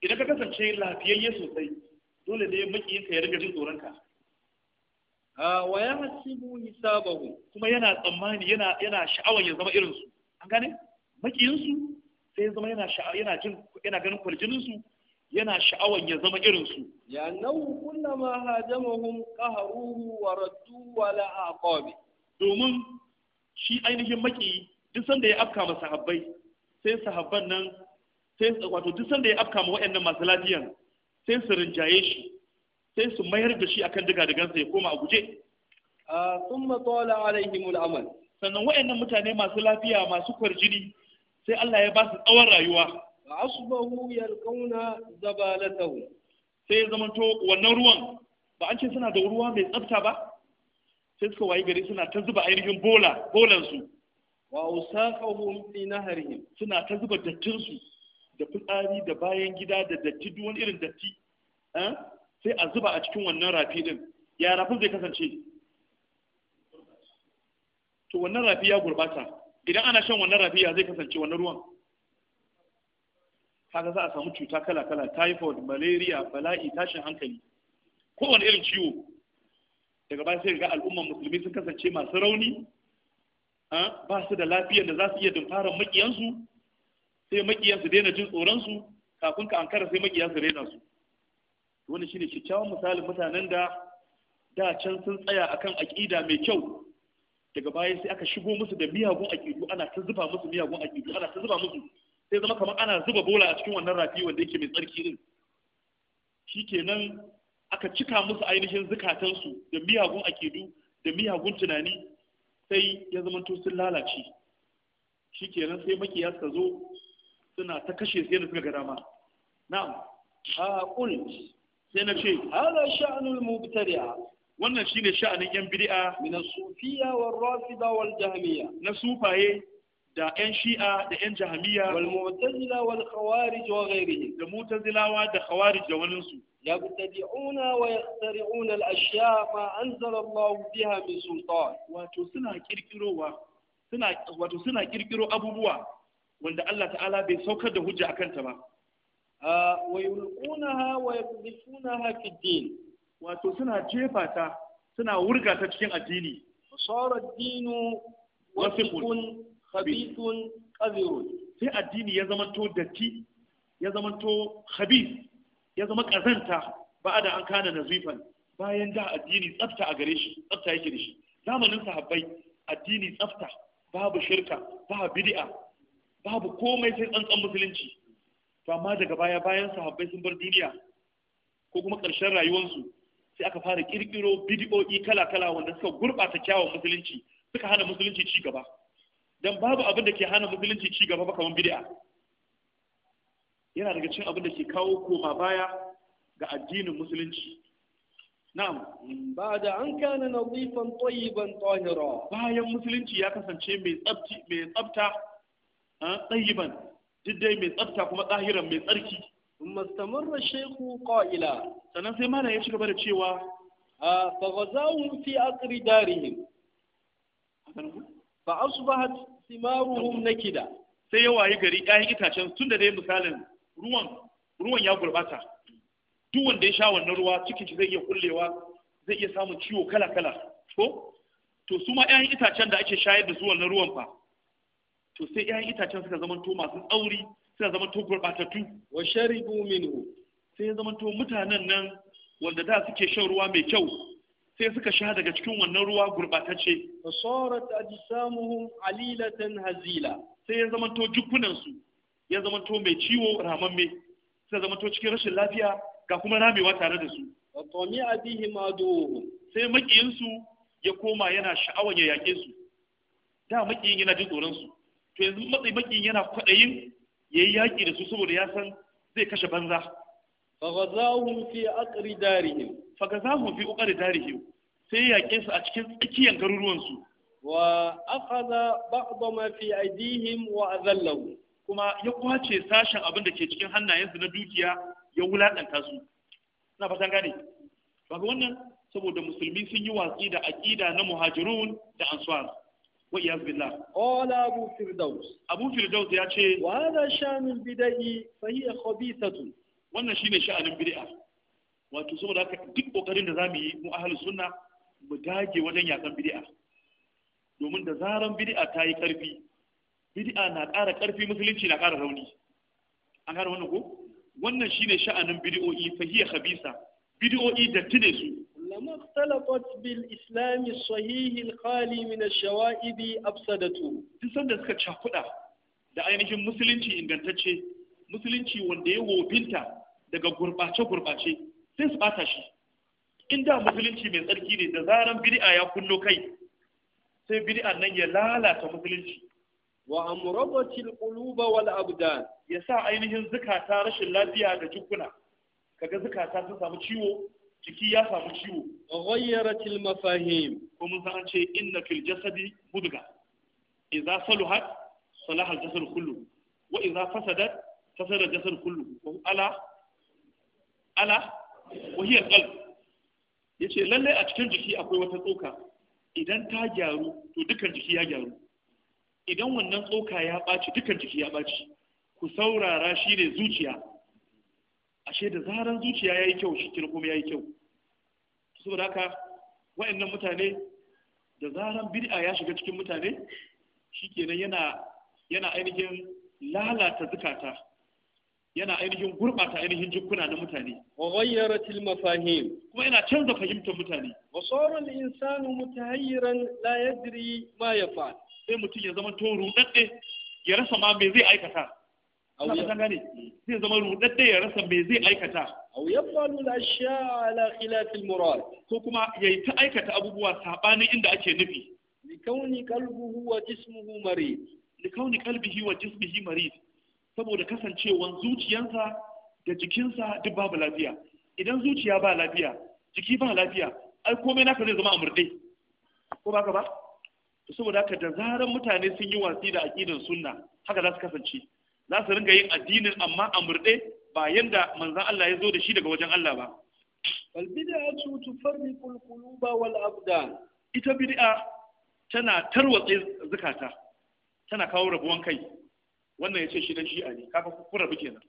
idan ka kasance lafiyayye sosai dole ne makiyinka ya riga jin tsoronka wa ya hasibu hisabahu kuma yana tsammani yana yana sha'awar ya zama irinsu an gane makiyinsu sai ya zama yana yana jin yana ganin kwarjininsu yana sha'awan ya zama irin su ya nau kullama hajamahum qaharuhu wa raddu wa la aqabi domin shi ainihin maki duk sanda ya afka ma sahabbai sai sahabban nan sai wato duk sanda ya afka ma waɗannan masu lafiyan sai su rinjaye shi sai su mayar da shi akan diga digansa ya koma a guje thumma tala alaihim al'amal sannan waɗannan mutane masu lafiya masu kwarjini sai Allah ya ba su tsawon rayuwa fa asbahu yalqawna zabalatahu sai zama to wannan ruwan ba an ce suna da ruwa mai tsafta ba sai suka wayi gari suna ta zuba ainihin bola bolan su wa usaqahum fi naharihim suna ta zuba dattin su da fitsari da bayan gida da datti duk irin datti eh? sai a zuba a cikin wannan rafi din ya rafin zai kasance to wannan rafi ya gurbata idan ana shan wannan rafi ya zai kasance wannan ruwan kaga za a samu cuta kala kala typhoid malaria bala'i tashin hankali kowane irin ciwo daga baya sai ga al'umman musulmi sun kasance masu rauni ah, ba su da lafiyar da za su iya dumfarar makiyansu sai su daina jin tsoron su, kafin ka ankara sai su daina su wani shine kyakkyawan misalin mutanen da da can sun tsaya akan aƙida mai kyau daga baya sai aka shigo musu da miyagun aƙidu ana ta zuba musu miyagun aƙidu ana ta zuba musu sai zama kamar ana zuba bola a cikin wannan rafi wanda yake mai tsarki din Shi kenan aka cika musu ainihin zukatansu da miyagun akidu da miyagun tunani sai ya zama to sun lalace kenan sai makiya suka zo suna ta kashe sai da suka ga dama na'am ha sai na ce hala sha'anul mubtari'a wannan shine sha'anin yan bid'a min as-sufiyya war rafida wal jahmiyya na sufaye da ƴan shi'a da ƴan jahamiya wal mu'tazila wal khawarij wa ghayrihi da mu'tazilawa da khawarij da wani su yabtadi'una wa yaqtari'una al ashya ma anzala Allah biha min sultan wato suna kirkirowa suna wato suna kirkiro abubuwa wanda Allah ta'ala bai saukar da hujja akan ta ba wa yulqunaha wa yaqdhifunaha fi din wato suna jefa ta suna wurga ta cikin addini sawar dinu wasiqun khabithun qazirun sai addini ya zama to datti ya zama to khabith ya zama kazanta ba da an kana nazifan bayan da addini tsafta a gare shi tsafta yake da shi zamanin sahabbai addini tsafta babu shirka babu bid'a babu komai sai tsantsan musulunci to amma daga baya bayan sahabbai sun bar duniya ko kuma ƙarshen rayuwarsu sai aka fara kirkiro bid'o'i kala-kala wanda suka gurɓata kyawun musulunci suka hana musulunci ci gaba dan babu abin da ke hana musulunci ci gaba ba kamar bid'a yana daga cikin abin da ke kawo koma baya ga addinin musulunci na'am ba da an kana nazifan tayyiban tahira bayan musulunci ya kasance mai tsafti mai tsafta ah, tayyiban diddai mai tsafta kuma tsahiran mai tsarki mustamarra shehu qa'ila sannan sai mana ya ci gaba da cewa ah, fa ghazawhum fi aqri darihim fa asbahat simaruhum nakida sai ya waye gari yi itacen tunda dai misalin ruwan ruwan ya gurbata duk wanda ya sha wannan ruwa cikin shi zai iya kullewa zai iya samun ciwo kala kala ko to su ma ƴaƴan itacen da ake shayar da su wannan ruwan fa to sai ƴaƴan itacen suka zama to masu tsauri suka zama to gurbatattu wa sharibu minhu sai ya zama to mutanen nan wanda da suke shan ruwa mai kyau sai suka sha daga cikin wannan ruwa gurbatacce fasarat ajsamuhum alilatan hazila sai ya zamanto jukkunan ya zamanto mai ciwo ramamme sai zamanto cikin rashin lafiya ga kuma ramewa tare da su wa tami'a bihim sai makiyin ya koma yana sha'awar ya yake su da makiyin yana jin tsoron su to yanzu matsayi makiyin yana kwadayin yayi yaki da su saboda ya san zai kashe banza faghazahum fi aqri darihim faghazahum fi aqri darihim sai yaƙe su a cikin tsakiyar garuruwansu wa akhadha ba'd ma fi aydihim wa azallahu kuma ya kwace sashen abin da ke cikin hannayensu na dukiya ya wulakanta su ina fatan gane ba wannan saboda musulmi sun yi watsi da aƙida na muhajirun da ansar wa iyaz billah qala abu firdaus abu firdaus ya ce wa hadha shanul bidai fa hiya khabithatu wannan shi ne sha'anin bid'a wato saboda haka duk kokarin da za mu yi mu ahlus sunna mu dage wajen yakan bid'a domin da zaran bid'a ta yi karfi bid'a na ƙara karfi musulunci na ƙara rauni an gane wannan ko wannan shine sha'anin bid'o'i fahiya khabisa bid'o'i da tune su bil لما اختلطت بالإسلام الصحيح الخالي من الشوائب أفسدته تسند suka تشاكودا da ainihin musulunci ingantacce musulunci wanda ya wofinta daga gurɓace-gurɓace sai su ɓata shi in da musulunci mai tsarki ne da zaran bid'a ya kullo kai sai bid'a nan ya lalata musulunci wa amrabatil quluba wal abdan yasa ainihin zukata rashin lafiya da jikuna kaga zukata sun samu ciwo jiki ya samu ciwo wa ghayyaratil mafahim ko mun san ce inna fil jasadi mudga idza saluhat salaha al jasad kullu wa idza fasadat fasara jasad kullu ko ala ala wahiyar qalb yace lalle a cikin jiki akwai wata tsoka idan ta gyaru to dukan jiki ya gyaru idan wannan tsoka ya ɓaci dukan jiki ya ɓaci ku saurara shi ne zuciya ashe da zaran zuciya ya yi kyau shi kuma ya yi kyau saboda haka wa'annan mutane da zaran bid'a ya shiga cikin mutane shikenan yana yana ainihin lalata zukata yana ainihin gurɓata ainihin jikuna na mutane wa ghayyaratil mafahim kuma yana canza fahimtar mutane wa sawara al-insanu mutahayyiran la yadri ma fa. sai mutum ya zama to rudadde ya rasa ma me zai aikata aw ya gane zai zama rudadde ya rasa me zai aikata aw yafalu al-ashya ala khilaf murad ko kuma yayi ta aikata abubuwa sabanin inda ake nufi likauni qalbuhu wa jismuhu marid likauni qalbihi wa jismihi marid saboda kasancewan zuciyansa da jikinsa duk babu lafiya idan zuciya ba lafiya jiki ba lafiya ai komai naka zai zama amurde ko ba ka ba saboda haka da zaran mutane sun yi watsi da aqidar sunna haka za su kasance za su ringa yin addinin amma amurde ba yanda manzon Allah ya zo da shi daga wajen Allah ba wal bid'atu tufarriqu al-quluba wal abdan ita bid'a tana tarwatse zakata tana kawo rabuwan kai wannan ya ce shi dan shi'a ne kafa kura bi kenan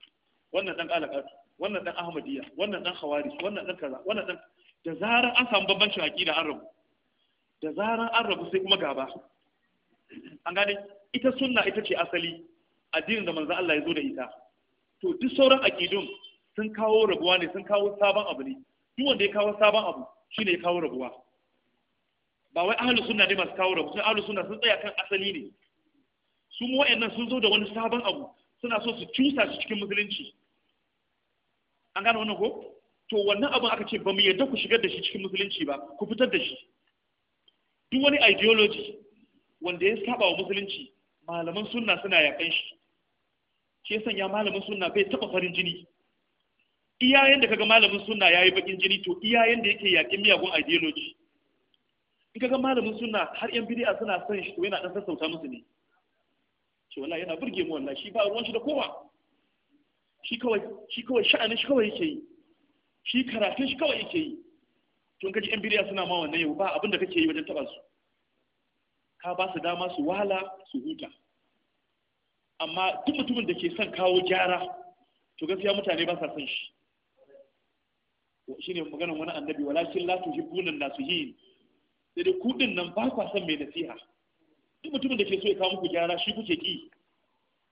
wannan dan alaka wannan dan ahmadiyya wannan dan hawari wannan dan kaza wannan dan da zarar an samu bambancin aqida an rabu da zarar an rabu sai kuma gaba an gane ita sunna ita ce asali addinin da manzo Allah ya zo da ita to duk sauran aqidun sun kawo rabuwa ne sun kawo sabon abu ne duk wanda ya kawo sabon abu shine ya kawo rabuwa ba wai ahlus sunna ne masu kawo rabu sai ahlus sunna sun tsaya kan asali ne su mu wa'annan sun zo da wani sabon abu suna so su cusa shi cikin musulunci an gane wannan ko to wannan abin aka ce ba mu yadda ku shigar da shi cikin musulunci ba ku fitar da shi duk wani ideology wanda ya saba wa musulunci malaman sunna suna yakan shi ke sanya malamin sunna bai taba farin jini iyayen da kaga malamin sunna yayi bakin jini to iyayen da yake yakin miyagun ideology in kaga malamin sunna har yan bid'a suna son shi to yana dan sassauta musu ne Wala yana burge mu wallahi shi ba ruwan shi da kowa shi kawai shi kawai sha'anin shi kawai yake yi shi karatun shi kawai yake yi tun kaji yan biriya suna ma wannan yau ba abin da kake yi wajen taba su ka ba su dama su wahala su huta amma duk mutumin da ke son kawo gyara to gaskiya mutane ba sa son shi ne maganar wani annabi walakin la tuhibbuna nasihin sai dai kudin nan ba kwa son mai nasiha in mutumin da ke so ya kawo muku gyara shi kuke ki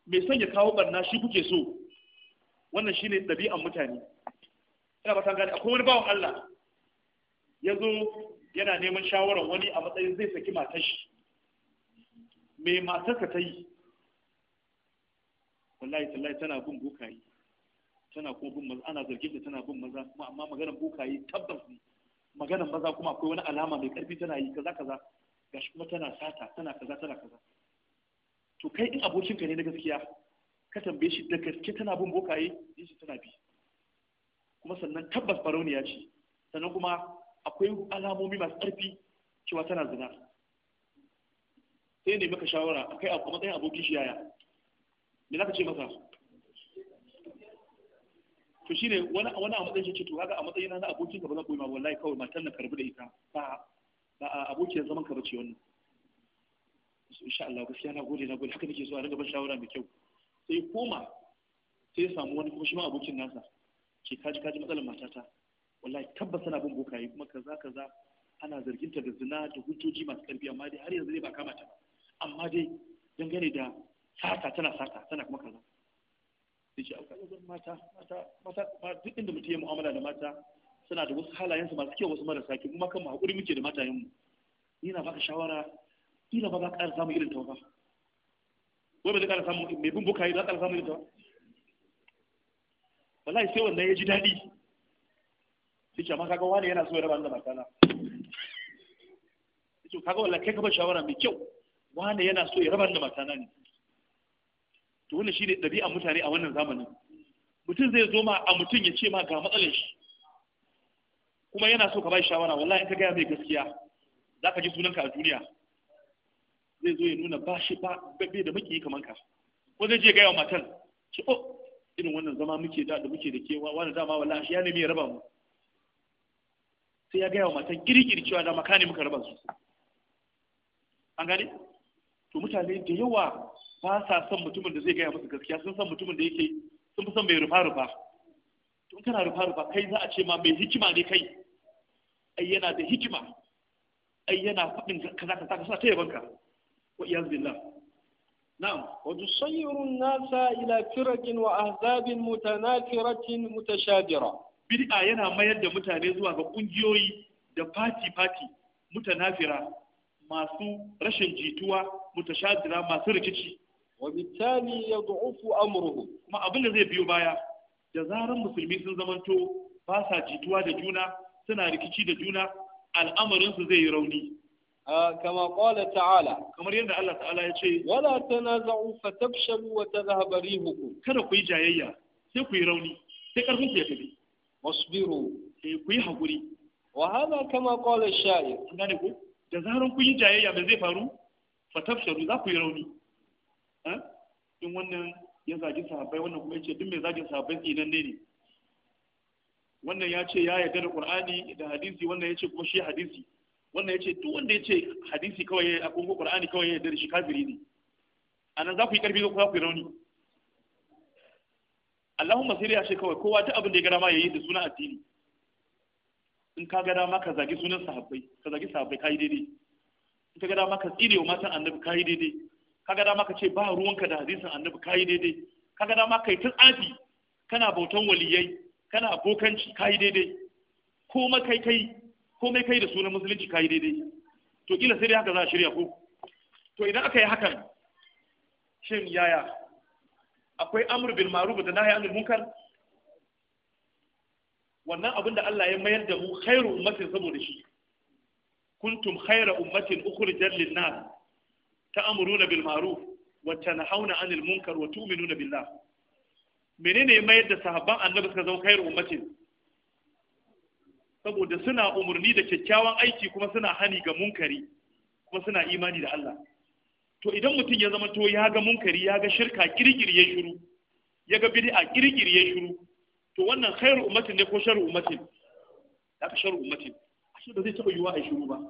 mai son ya kawo barna shi kuke so wannan shi ne ɗabi'an mutane ina ba gane akwai wani bawan Allah ya zo yana neman shawarar wani a matsayin zai saki matar shi me matarka ta yi wallahi tallahi tana bin bokaye tana kuma bin maza ana zargin da tana bin maza kuma amma maganar bokaye tabbas ne maganar maza kuma akwai wani alama mai karfi tana yi kaza kaza gashi kuma tana sata tana kaza tana kaza to kai in abokinka ne na gaskiya ka tambaye shi da gaske tana bin bokaye yin shi tana bi kuma sannan tabbas farauniya ce sannan kuma akwai alamomi masu ƙarfi cewa tana zina sai ne maka shawara akai a matsayin abokin shi yaya me za ka ce masa to shine wani wani a matsayin shi ce to haka a matsayin na abokin ka ba zan koyi ma wallahi kawai matan na karbi da ita ba ba abokin abokiyar zaman ka bace wannan su insha Allah gaskiya na gode na gode haka nake so a ringa ban shawara mai kyau sai koma sai ya samu wani kuma shi ma abokin nasa ke kaji kaji matsalar matata wallahi tabbas tana bin bokaye kuma kaza kaza ana zargin ta da zina da hujjoji masu karfi amma dai har yanzu dai ba kama ta ba amma dai dangane da sata tana sata tana kuma kaza sai ce akwai mata mata mata duk inda mutum ya mu'amala da mata suna da wasu halayensu masu kyau wasu marasa kyau kuma kan hakuri muke da matayenmu ni na baka shawara ina ba za ka ƙara irin ta ba wai ba zai ƙara samu mai bin bukaye za ka ƙara irin ta wallahi sai wannan ya ji daɗi sai amma kaga wani yana so ya raba da matana sai kaga wallahi kai ka ba shawara mai kyau wani yana so ya raba da matana ne to wannan shine dabi'a mutane a wannan zamanin mutum zai zo ma a mutum ya ce ma ga matsalar shi kuma yana so ka bai shawara wallahi in ka gaya mai gaskiya za ka ji sunanka a duniya zai zo ya nuna ba shi ba bai da maki kamar ka ko zai je gaya wa matan ce o, oh, irin wannan zama muke da da muke da kewa wannan dama wallahi shi ya nemi ya raba mu sai ya gaya wa matan kirkiri cewa da makani muka raba su an gane to mutane da yawa ba sa son mutumin da zai gaya musu gaskiya sun san mutumin da yake sun fi son bai rufa rufa tun kana rufa rufa kai za a ce ma mai hikima ne kai ai yana da hikima ai yana faɗin kaza kaza ka sa ta yabanka wa iyaz billah na'am wa tusayyiru nasa ila firaqin wa ahzabin mutanafiratin mutashabira bid'a yana mayar da mutane zuwa ga kungiyoyi da fati fati mutanafira masu rashin jituwa mutashadira masu rikici wa ya yad'ufu amruhu kuma abin da zai biyo baya da zaran musulmi sun zamanto ba sa jituwa da juna suna rikici da juna al'amarinsu zai yi rauni kama qala ta'ala kamar yadda Allah ta'ala ya ce wala fa tabshabu wa zahabari rihukum kada ku yi jayayya sai ku yi rauni sai karfin ku ya tafi wasbiru sai eh, ku yi hakuri wa hada kama qala sha'ir an gane ku da zaran ku yi jayayya me zai faru fa fatabshalu za ku yi rauni in wannan ya zagi sahabbai wannan kuma ya ce duk mai zagin sahabbai tsinan ne wannan ya ce ya yarda da qur'ani da hadisi wannan ya ce kuma shi hadisi wannan ya ce duk wanda ya ce hadisi kawai a kungo qur'ani kawai ya yarda da shi kafiri ne anan za ku yi karfi ko za ku yi rauni Allahumma sai ya ce kawai kowa duk abin da ya gara ma yayi da sunan addini in ka ga ma ka zagi sunan sahabbai ka zagi sahabbai kai daidai in ka ga ma ka tsirewa matan annabi kai daidai kaga dama ka ce ba ruwanka da hadisin annabi kayi daidai kaga dama kai ta tsafi kana bautan waliyai kana abokanci kayi daidai komai kai kai komai kai da sunan musulunci kayi daidai to kila sai dai haka za a shirya ko to idan aka yi hakan shin yaya akwai amr bil ma'ruf da nahi anil munkar wannan abin da Allah ya mayar da mu khairu ummatin saboda shi kuntum khayra ummatin ukhrijat lin nas ta'amuruna bil ma'ruf wa tanhauna 'anil munkar wa tu'minuna billah menene mayar da sahabban annabi suka zama khairu ummati saboda suna umurni da kyakkyawan aiki kuma suna hani ga munkari kuma suna imani da Allah to idan mutum ya zama to ya ga munkari ya ga shirka kirkiri ya shiru ya ga bid'a kirkiri ya shiru to wannan khairu ummatin ne ko sharu ummatin da ka sharu ashe ba zai taba yiwa a shiru ba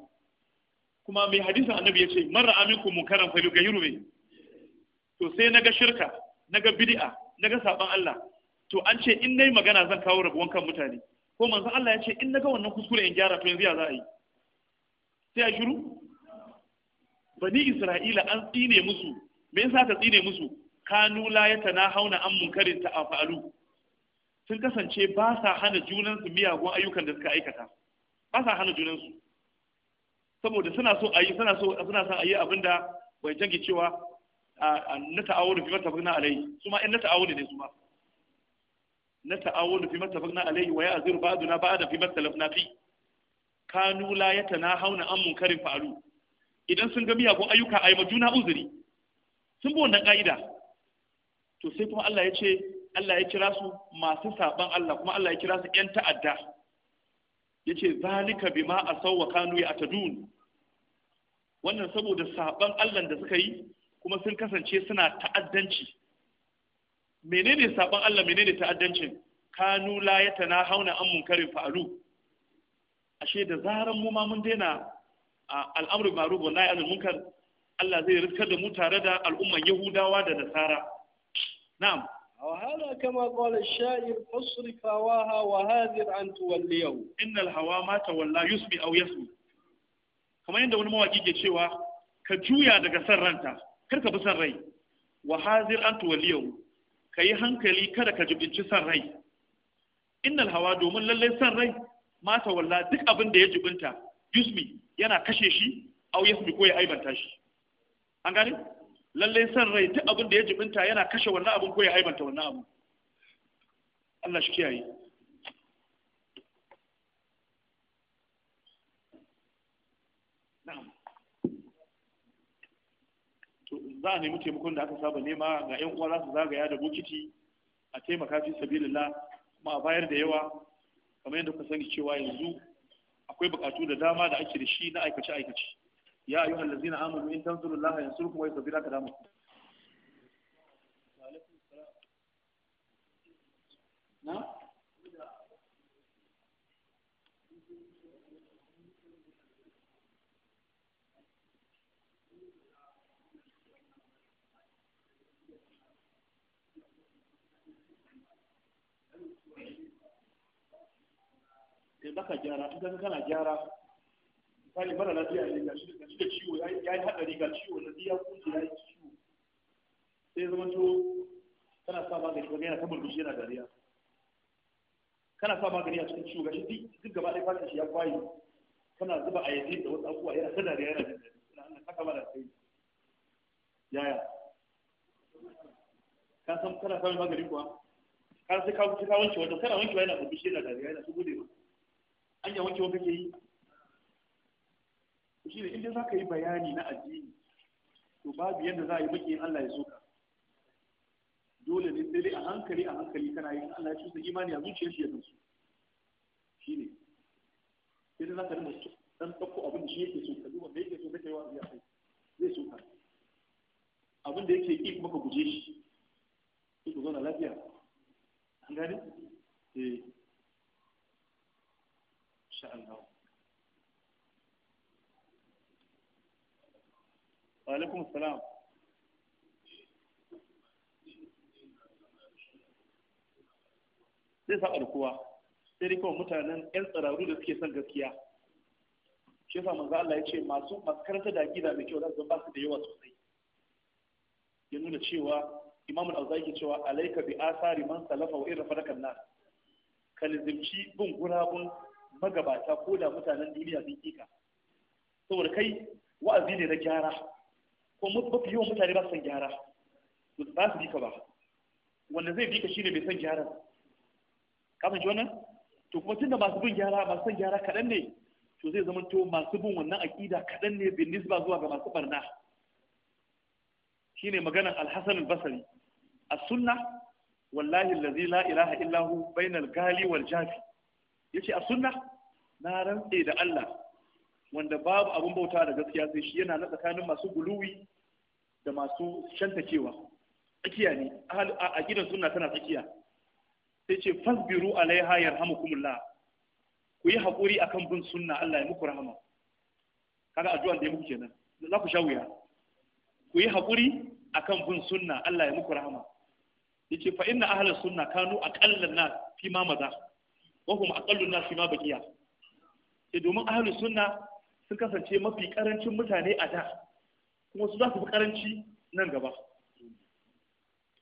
kuma mai hadisin annabi ya ce mara aminku munkaran ga yugayiru mai to sai naga shirka naga bid'a naga saban Allah to an ce in nayi magana zan kawo rabuwan kan mutane ko manzon Allah ya ce in naga wannan kuskure in gyara to yanzu ya za a yi sai a shiru bani Isra'ila an tsine musu me yasa ka tsine musu kanu la yatanahawna an munkarin ta afalu sun kasance ba sa hana junansu miyagun ayyukan da suka aikata ba sa hana junansu saboda suna so a yi suna so suna son a yi abin da bai jage cewa na ta'awunu fi mattafaqna alai su ma in na ta'awunu ne su ma na ta'awunu fi mattafaqna alai wa ya'ziru ba'duna ba'da fi mattalafna fi kanu la hauna an munkarin fa'alu idan sun ga miyagun ayyuka ayi ma juna uzuri sun bi wannan ka'ida to sai kuma Allah ya ce Allah ya kira su masu saban Allah kuma Allah ya kira su 'yan ta'adda yace zalika bima asaw wa kanu Tadun? wannan saboda saban Allah da suka yi kuma sun kasance suna ta'addanci menene saban Allah menene ta'addancin kanu la hauna an munkarin fa'alu ashe da zaran mu ma mun daina al'amru ma'ruf wa nahy anil munkar Allah zai rikar da mu tare da al'umman Yahudawa da Nasara na'am وهذا كما قال الشاعر فاصرف هواها وهاذر أن توليه إن الهوى ما تولى يسمي أو يسمي كما عند wani mawaki ke cewa ka juya daga san ranta kar ka bi san rai wa hazir an tuwaliyu ka yi hankali kada ka jibinci san rai innal hawa domin lallai san rai mata walla duk abin da ya jibinta yusmi yana kashe shi au yasmi ko ya aibanta shi an gane lallai san rai duk abin da ya jibinta yana kashe wannan abin ko ya haibanta wannan abin Allah shi kiyaye za a nemi taimakon da aka saba nema ga yan uwa za su zagaya da bokiti a taimaka fi sabilillah kuma a bayar da yawa kamar yadda kuka sani cewa yanzu akwai bukatu da dama da ake da shi na aikace aikace ya ayyuha allazina amanu in tansurullaha yansurkum wa yusabbir akdamakum na sai baka gyara in kana gyara misali mara lafiya ne ga shi da ciwo ya yi haɗari ga ciwo na ya kunce ya yi ciwo sai zama to kana sa magani kaga yana ta burbushi yana dariya kana sa magani a cikin ciwo ga shi duk gaba ɗaya fashin shi ya kwaye kana zuba a yanzu da wasu abubuwa yana ta dariya yana jin daɗi ina Allah kaka mara sai yaya ka san kana sa magani kuwa ka sai ka wanke wajen kana wanke yana burbushi yana dariya yana su gode an yi wanke wa kake yi shi ne inda za ka yi bayani na addini to babu yadda za a yi maki Allah ya soka dole ne sai dai a hankali a hankali kana yin Allah ya cusa imani a zuciyar shi ya su shi ne sai za ka rinda dan ɗauko abin da shi yake so ka duba me yake so kake wa ya kai zai soka abin da yake ƙi kuma ka guje shi sai zo zauna lafiya an gane eh sha'an Allah وعليكم السلام salam zai saba da kowa sai dai mutanen yan tsararru da suke son gaskiya shi yasa manzo Allah ya ce masu makaranta da gida mai kyau zan ba su da yawa sosai ya nuna cewa imamul auzai ke cewa alaika bi asari man salafa wa irin farakan na ka lizimci bin gurabun magabata ko da mutanen duniya sun kika saboda kai wa'azi ne na gyara ko mafi yawan mutane ba su san gyara ba su bika ba wanda zai bika shi ne bai san gyara Kamar shi to kuma tunda masu bin gyara masu san gyara kaɗan ne to zai zama to masu bin wannan aƙida kaɗan ne bin nisba zuwa ga masu barna shine maganan alhassan Basari. a sunna wallahi allazi la ilaha illahu bainal gali wal jafi yace a sunna na rantse da Allah wanda babu abin bauta da gaskiya sai shi yana na tsakanin masu guluwi da masu shantakewa tsakiya ne a gidan suna tana tsakiya sai ce fasbiru alaiha yarhamukumullah ku yi haƙuri akan bin sunna Allah ya muku rahama kaga addu'an da ya muku kenan za ku sha wuya ku yi haƙuri akan bin sunna Allah ya muku rahama yace fa inna ahlus sunna kanu aqallan nas fi ma maza wa hum aqallun nas fi ma baqiya sai domin ahlus sunna sun kasance mafi karancin mutane a da kuma su za su fi karanci nan gaba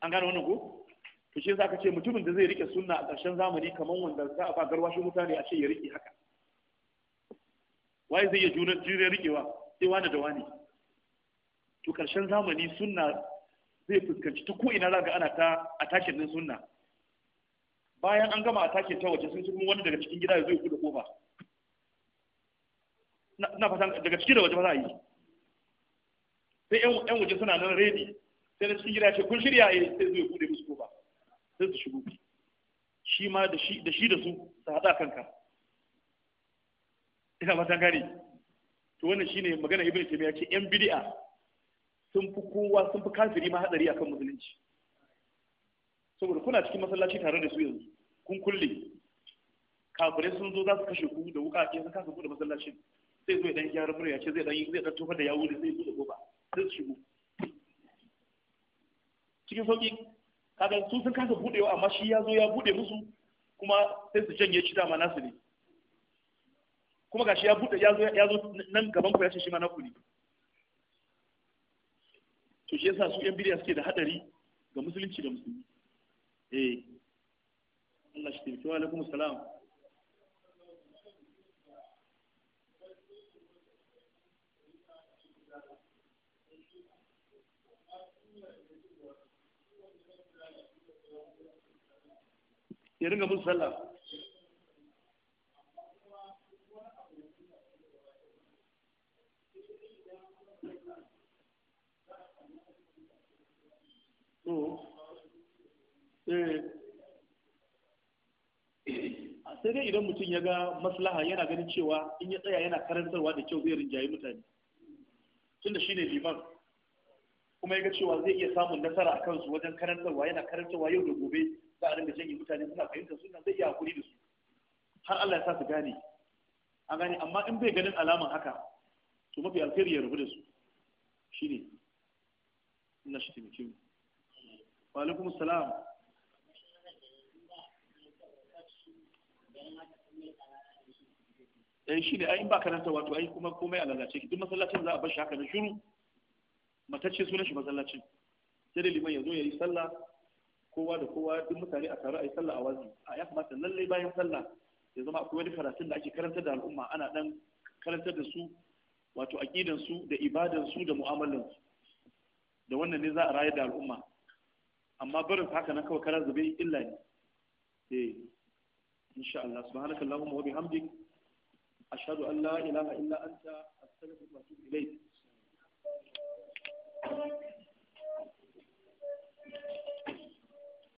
an gane wannan ko to shi ka ce mutumin da zai rike sunna a ƙarshen zamani kamar wanda za a fagar washe mutane a ce ya rike haka waye zai iya juna jirgin rikewa sai wani da wani to ƙarshen zamani sunna zai fuskanci ta ko ina zaga ana ta atakin din sunna bayan an gama atakin ta waje sun cikin wani daga cikin gida ya zo ya kuɗa kofa na fatan daga ciki da waje ba za a yi sai yan waje suna nan ready sai na cikin gida ce kun shirya eh sai zai bude musu kofa sai su shigo shi ma da shi da shi da su su hada kanka ina fatan gane to wannan shine magana ibn taymiya ce yan bid'a sun fi kowa sun fi kafiri ma hadari akan musulunci saboda kuna cikin masallaci tare da su yanzu kun kulle kafirai sun zo za su kashe ku da wuka ke sun kasa bude masallacin Zai zo idan gyara murya ce zai dan zai dan tofar da yawo da zai buɗe goba sai su shigo cikin sauki kaga su sun kasa buɗewa, amma shi ya zo ya bude musu kuma sai su janye shi dama nasu ne kuma gashi ya bude ya zo ya zo nan gaban ku ya ce shi ma naku ne to shi yasa su yan bidiya suke da hadari ga musulunci da musulmi eh Allah shi taimaki wa alaikum salam ya sallah eh, sai dai idan mutum ya ga maslaha yana ganin cewa in ya tsaya yana karantarwa da kyau zai rinjaye mutane tunda shine liman kuma ya ga cewa zai iya samun nasara a kansu wajen karantarwa yana karantarwa yau da gobe za a rinka janye mutane suna fahimtar suna zai iya hakuri da su har Allah ya sa su gane a gane amma in bai ganin alaman haka to mafi alkhairi ya rubu da su shine Ina shi taimake mu wa alaikum Ya eh ne ai in ba karanta wato ai kuma komai a lalace duk masallacin za a bar shi haka na shiru matacce sunan shi masallacin sai da liman ya zo ya yi sallah kowa da kowa duk mutane a tare a yi sallah a wazi a ya kamata lalle bayan sallah ya zama akwai wani karatun da ake karantar da al'umma ana dan karantar da su wato aqidan su da ibadan su da mu'amalan su da wannan ne za a rayar da al'umma amma barin haka nan kawai karar zube illa ne eh insha Allah subhanaka allahumma wa bihamdik ashhadu an la ilaha illa anta astaghfiruka wa atubu ilayk